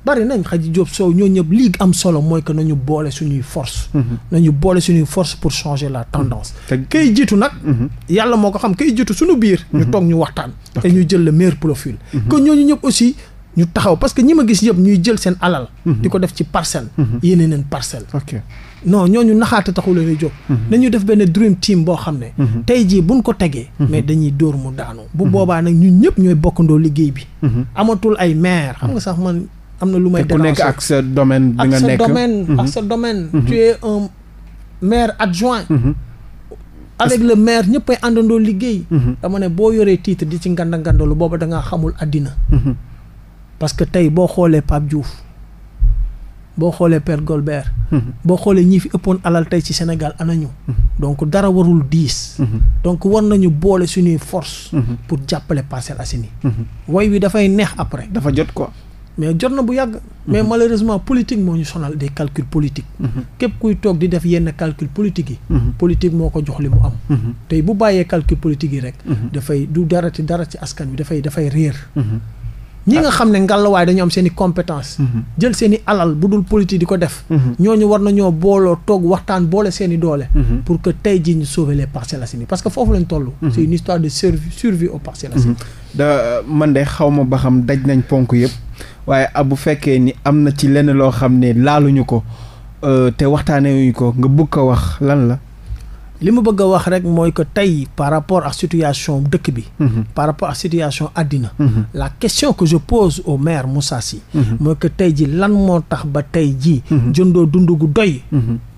bari nañ Xadi Jóob Sow ñoo ñëpp lii am solo mooy que nañu boole suñuy force nañu boole suñuy force pour changer la tendance kay jiitu nag yàlla moo ko xam kay jiitu suñu biir ñu toog ñu waxtaan te ñu jël le meilleur profil que ñooñu ñëpp aussi ñu taxaw parce que ñi ma gis yëpp ñuy jël seen alal. Mhm. di ko def ci parcelle. Mhm. yéene neen parcelle. ok non ñu naxaata taxul leen jóg. Mhm. ñu def benn dream team boo xam ne. tey jii bu buñ ko tegee. mais dañuy dóor mu daanu. bu boobaa nag ñun ñëpp ñooy bokkandoo liggéey bi. amatul ay maire xam nga sax man. am na lu may déranger ku nekk ak sa domaine. bi nga nekk ak sa domaine ak sa domaine. tu es maire adjoint. avec le maire ñëpp àndandoo liggéey. dama ne boo yoree titre di ci nganda ngandalu booba da ngaa xamul àddina. parce que tey boo xoolee Pape Diouf boo xoolee Père Golbert. Mhm. boo xoolee ñi fi ëppoon alal tey ci Sénégal anañu. Mhm. donc dara warul diis. Mhm. donc war nañu boole suñuy force. pour jàppale Parcelles Assainies. woy wi dafay neex après. dafa jot ko mais jot na bu yàgg. mais malheureusement politique moo ñu sonal des calculs politiques. képp kuy toog di def yenn calcul politique yi. politique moo ko jox li mu am. tey bu bàyyee calcul politique yi rek. dafay du dara ci dara ci askan wi dafay dafay réer. ñi nga ah. xam ne ngàllawaay dañu am seen i compétence mm-hmm. jël seeni i alal bu dul politique di ko def mm-hmm. ñoo ñu war nañoo booloo toog waxtaan boole seen i doole mm-hmm. pour que tey jii ñu sauver les Parcelles Assainies parce que foofu lañ toll c'est une histoire de survie survie aux Parcelles Assainies da man de xawma ba xam daj nañ ponk yëpp waaye ab bu fekkee ni am na ci lenn loo xam ne laaluñu ko euh, te waxtaanee waxtaanewuñu ko nga bëgg ko wax lan la li mu bëgg a wax rek mooy que tey par rapport ak situation dëkk bi. Mhm. par rapport ak situation àddina. Mhm. la question que je pose au maire Moussa Sy. Mhm. mooy que tey ji lan moo tax ba tey ji jëndoo dund gu doy.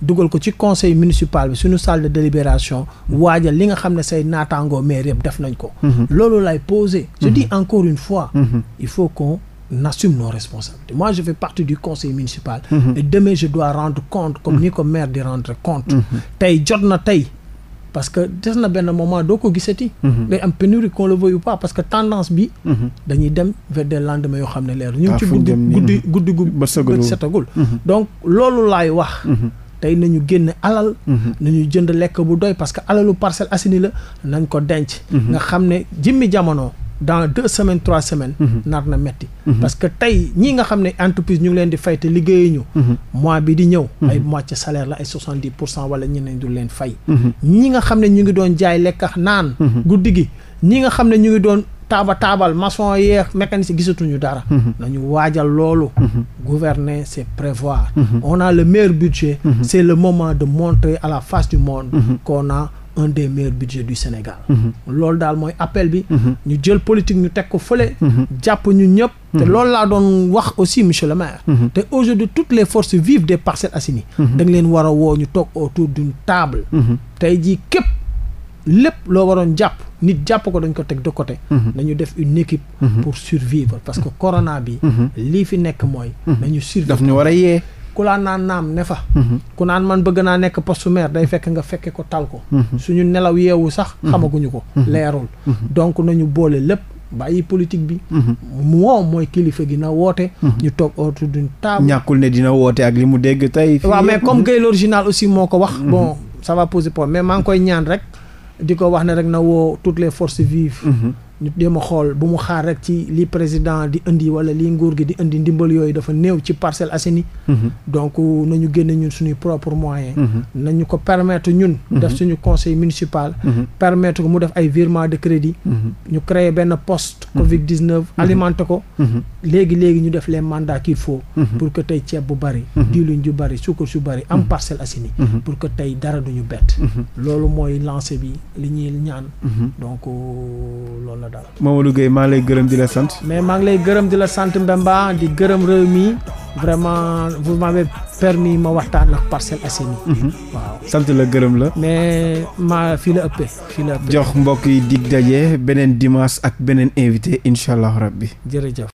dugal ko ci conseil municipal bi suñu salle de délibération waajal li nga xam ne say naataangoo maire yëpp def nañ ko. loolu lay poser. je dis encore une fois. il faut qu'on n'assume nos responsabilités moi je fais partie du conseil municipal mm -hmm. et demain je dois rendre compte comme mm-hmm. ni ko maire di rendre compte mm-hmm. tey jot na tey parce que des na benn moment doo ko gisati mm-hmm. day am pénurie qu'on le veuille ou parce que tendance bi dañuy dem vers des yoo xam ne leer ñu ngi ah, ci guddi guddi guddi gu bët setagul donc loolu laay wax tey nañu génn alal nañu jënd lekk bu doy parce que alalu Parcelles Assainies la nañ ko denc nga xam ne jimmi jamono dans deux semaines trois semaines. Mhm. nar na metti mhm. parce que tey ñii nga xam ne entreprise ñu ngi leen di fay te liggéeyuñu. Mhm. mois bi di ñëw. ay moitié salaire la ay soixante dix pour cent wala ñeneen du leen fay. ñi nga xam ne ñu ngi doon jaay lekk naan. guddi gi ñi nga xam ne ñu ngi doon. taaba taabal maçon yeex mécanicien gisatuñu dara nañu waajal loolu gouverner c'est prévoir on a le meilleur budget c'est le moment de montrer à la face du monde qu'on a un des meilleurs budgets du Sénégal mhm. loolu daal mooy appel bi mhm. ñu jël politique ñu teg ko fële mhm. jàpp ñu ñëpp te lool laa doon wax aussi monsieur le maire te aujourd'hui toutes les forces vives de Parcelles Assainies da nga leen war woo ñu toog autour d'une table tey jii képp lépp loo waroon jàpp nit jàpp ko dañ ko teg de côté nañu def une équipe pour survivre parce que corona bi lii fi nekk mooy nañu survivre daf ñu war yee ku laa naan naam ne fa mhm. ku naan man bëgg naa nekk poste maire day fekk nga fekke ko tal ko mhm. suñu nelaw yeewu sax mhm. xamaguñu ko leerul donc nañu boole lépp bàyyi politique bi moom mooy kilifa gi na woote ñu toog autour d'une table ñàkkul ne dina woote ak li mu dégg tey waaw mais comme que l'original aussi moo ko wax bon sa va poser problème mais maa ngi koy ñaan rek di ko wax ne rek na woo toutes les force vives ñu dem a xool bu mu xaar rek ci li président di indi wala li nguur gi di indi ndimbal yooyu dafa néew ci Parcelles Assainies mhm. donc nañu génne ñun suñuy propre moyen mhm. nañu ko permettre ñun mhm. def suñu conseil municipal permettre ko mu def ay virement de crédit ñu créer benn poste covid 19 alimenté ko léegi léegi ñu def les mandats qu'il faut pour que tey ceeb bu bari diwlin ju bari suukar su bari am Parcelles Assainies pour que tey dara duñu bett loolu mooy lancé bi li ñuy ñaan donc euh, loolu la daal. Mamadou Gueye maa lay gërëm di la sant. mais maa ngi lay gërëm di la sant Mbemba di gërëm réew mi vraiment vous m'avez permis ma waxtaan ak Parcelles Assainies. Mhm. waaw sant la gërëm la. mais maa fii la ëppee. fii la ëppee jox mbokk yi dig daje beneen dimanche ak beneen invité incha allah rabbi. jërëjëf.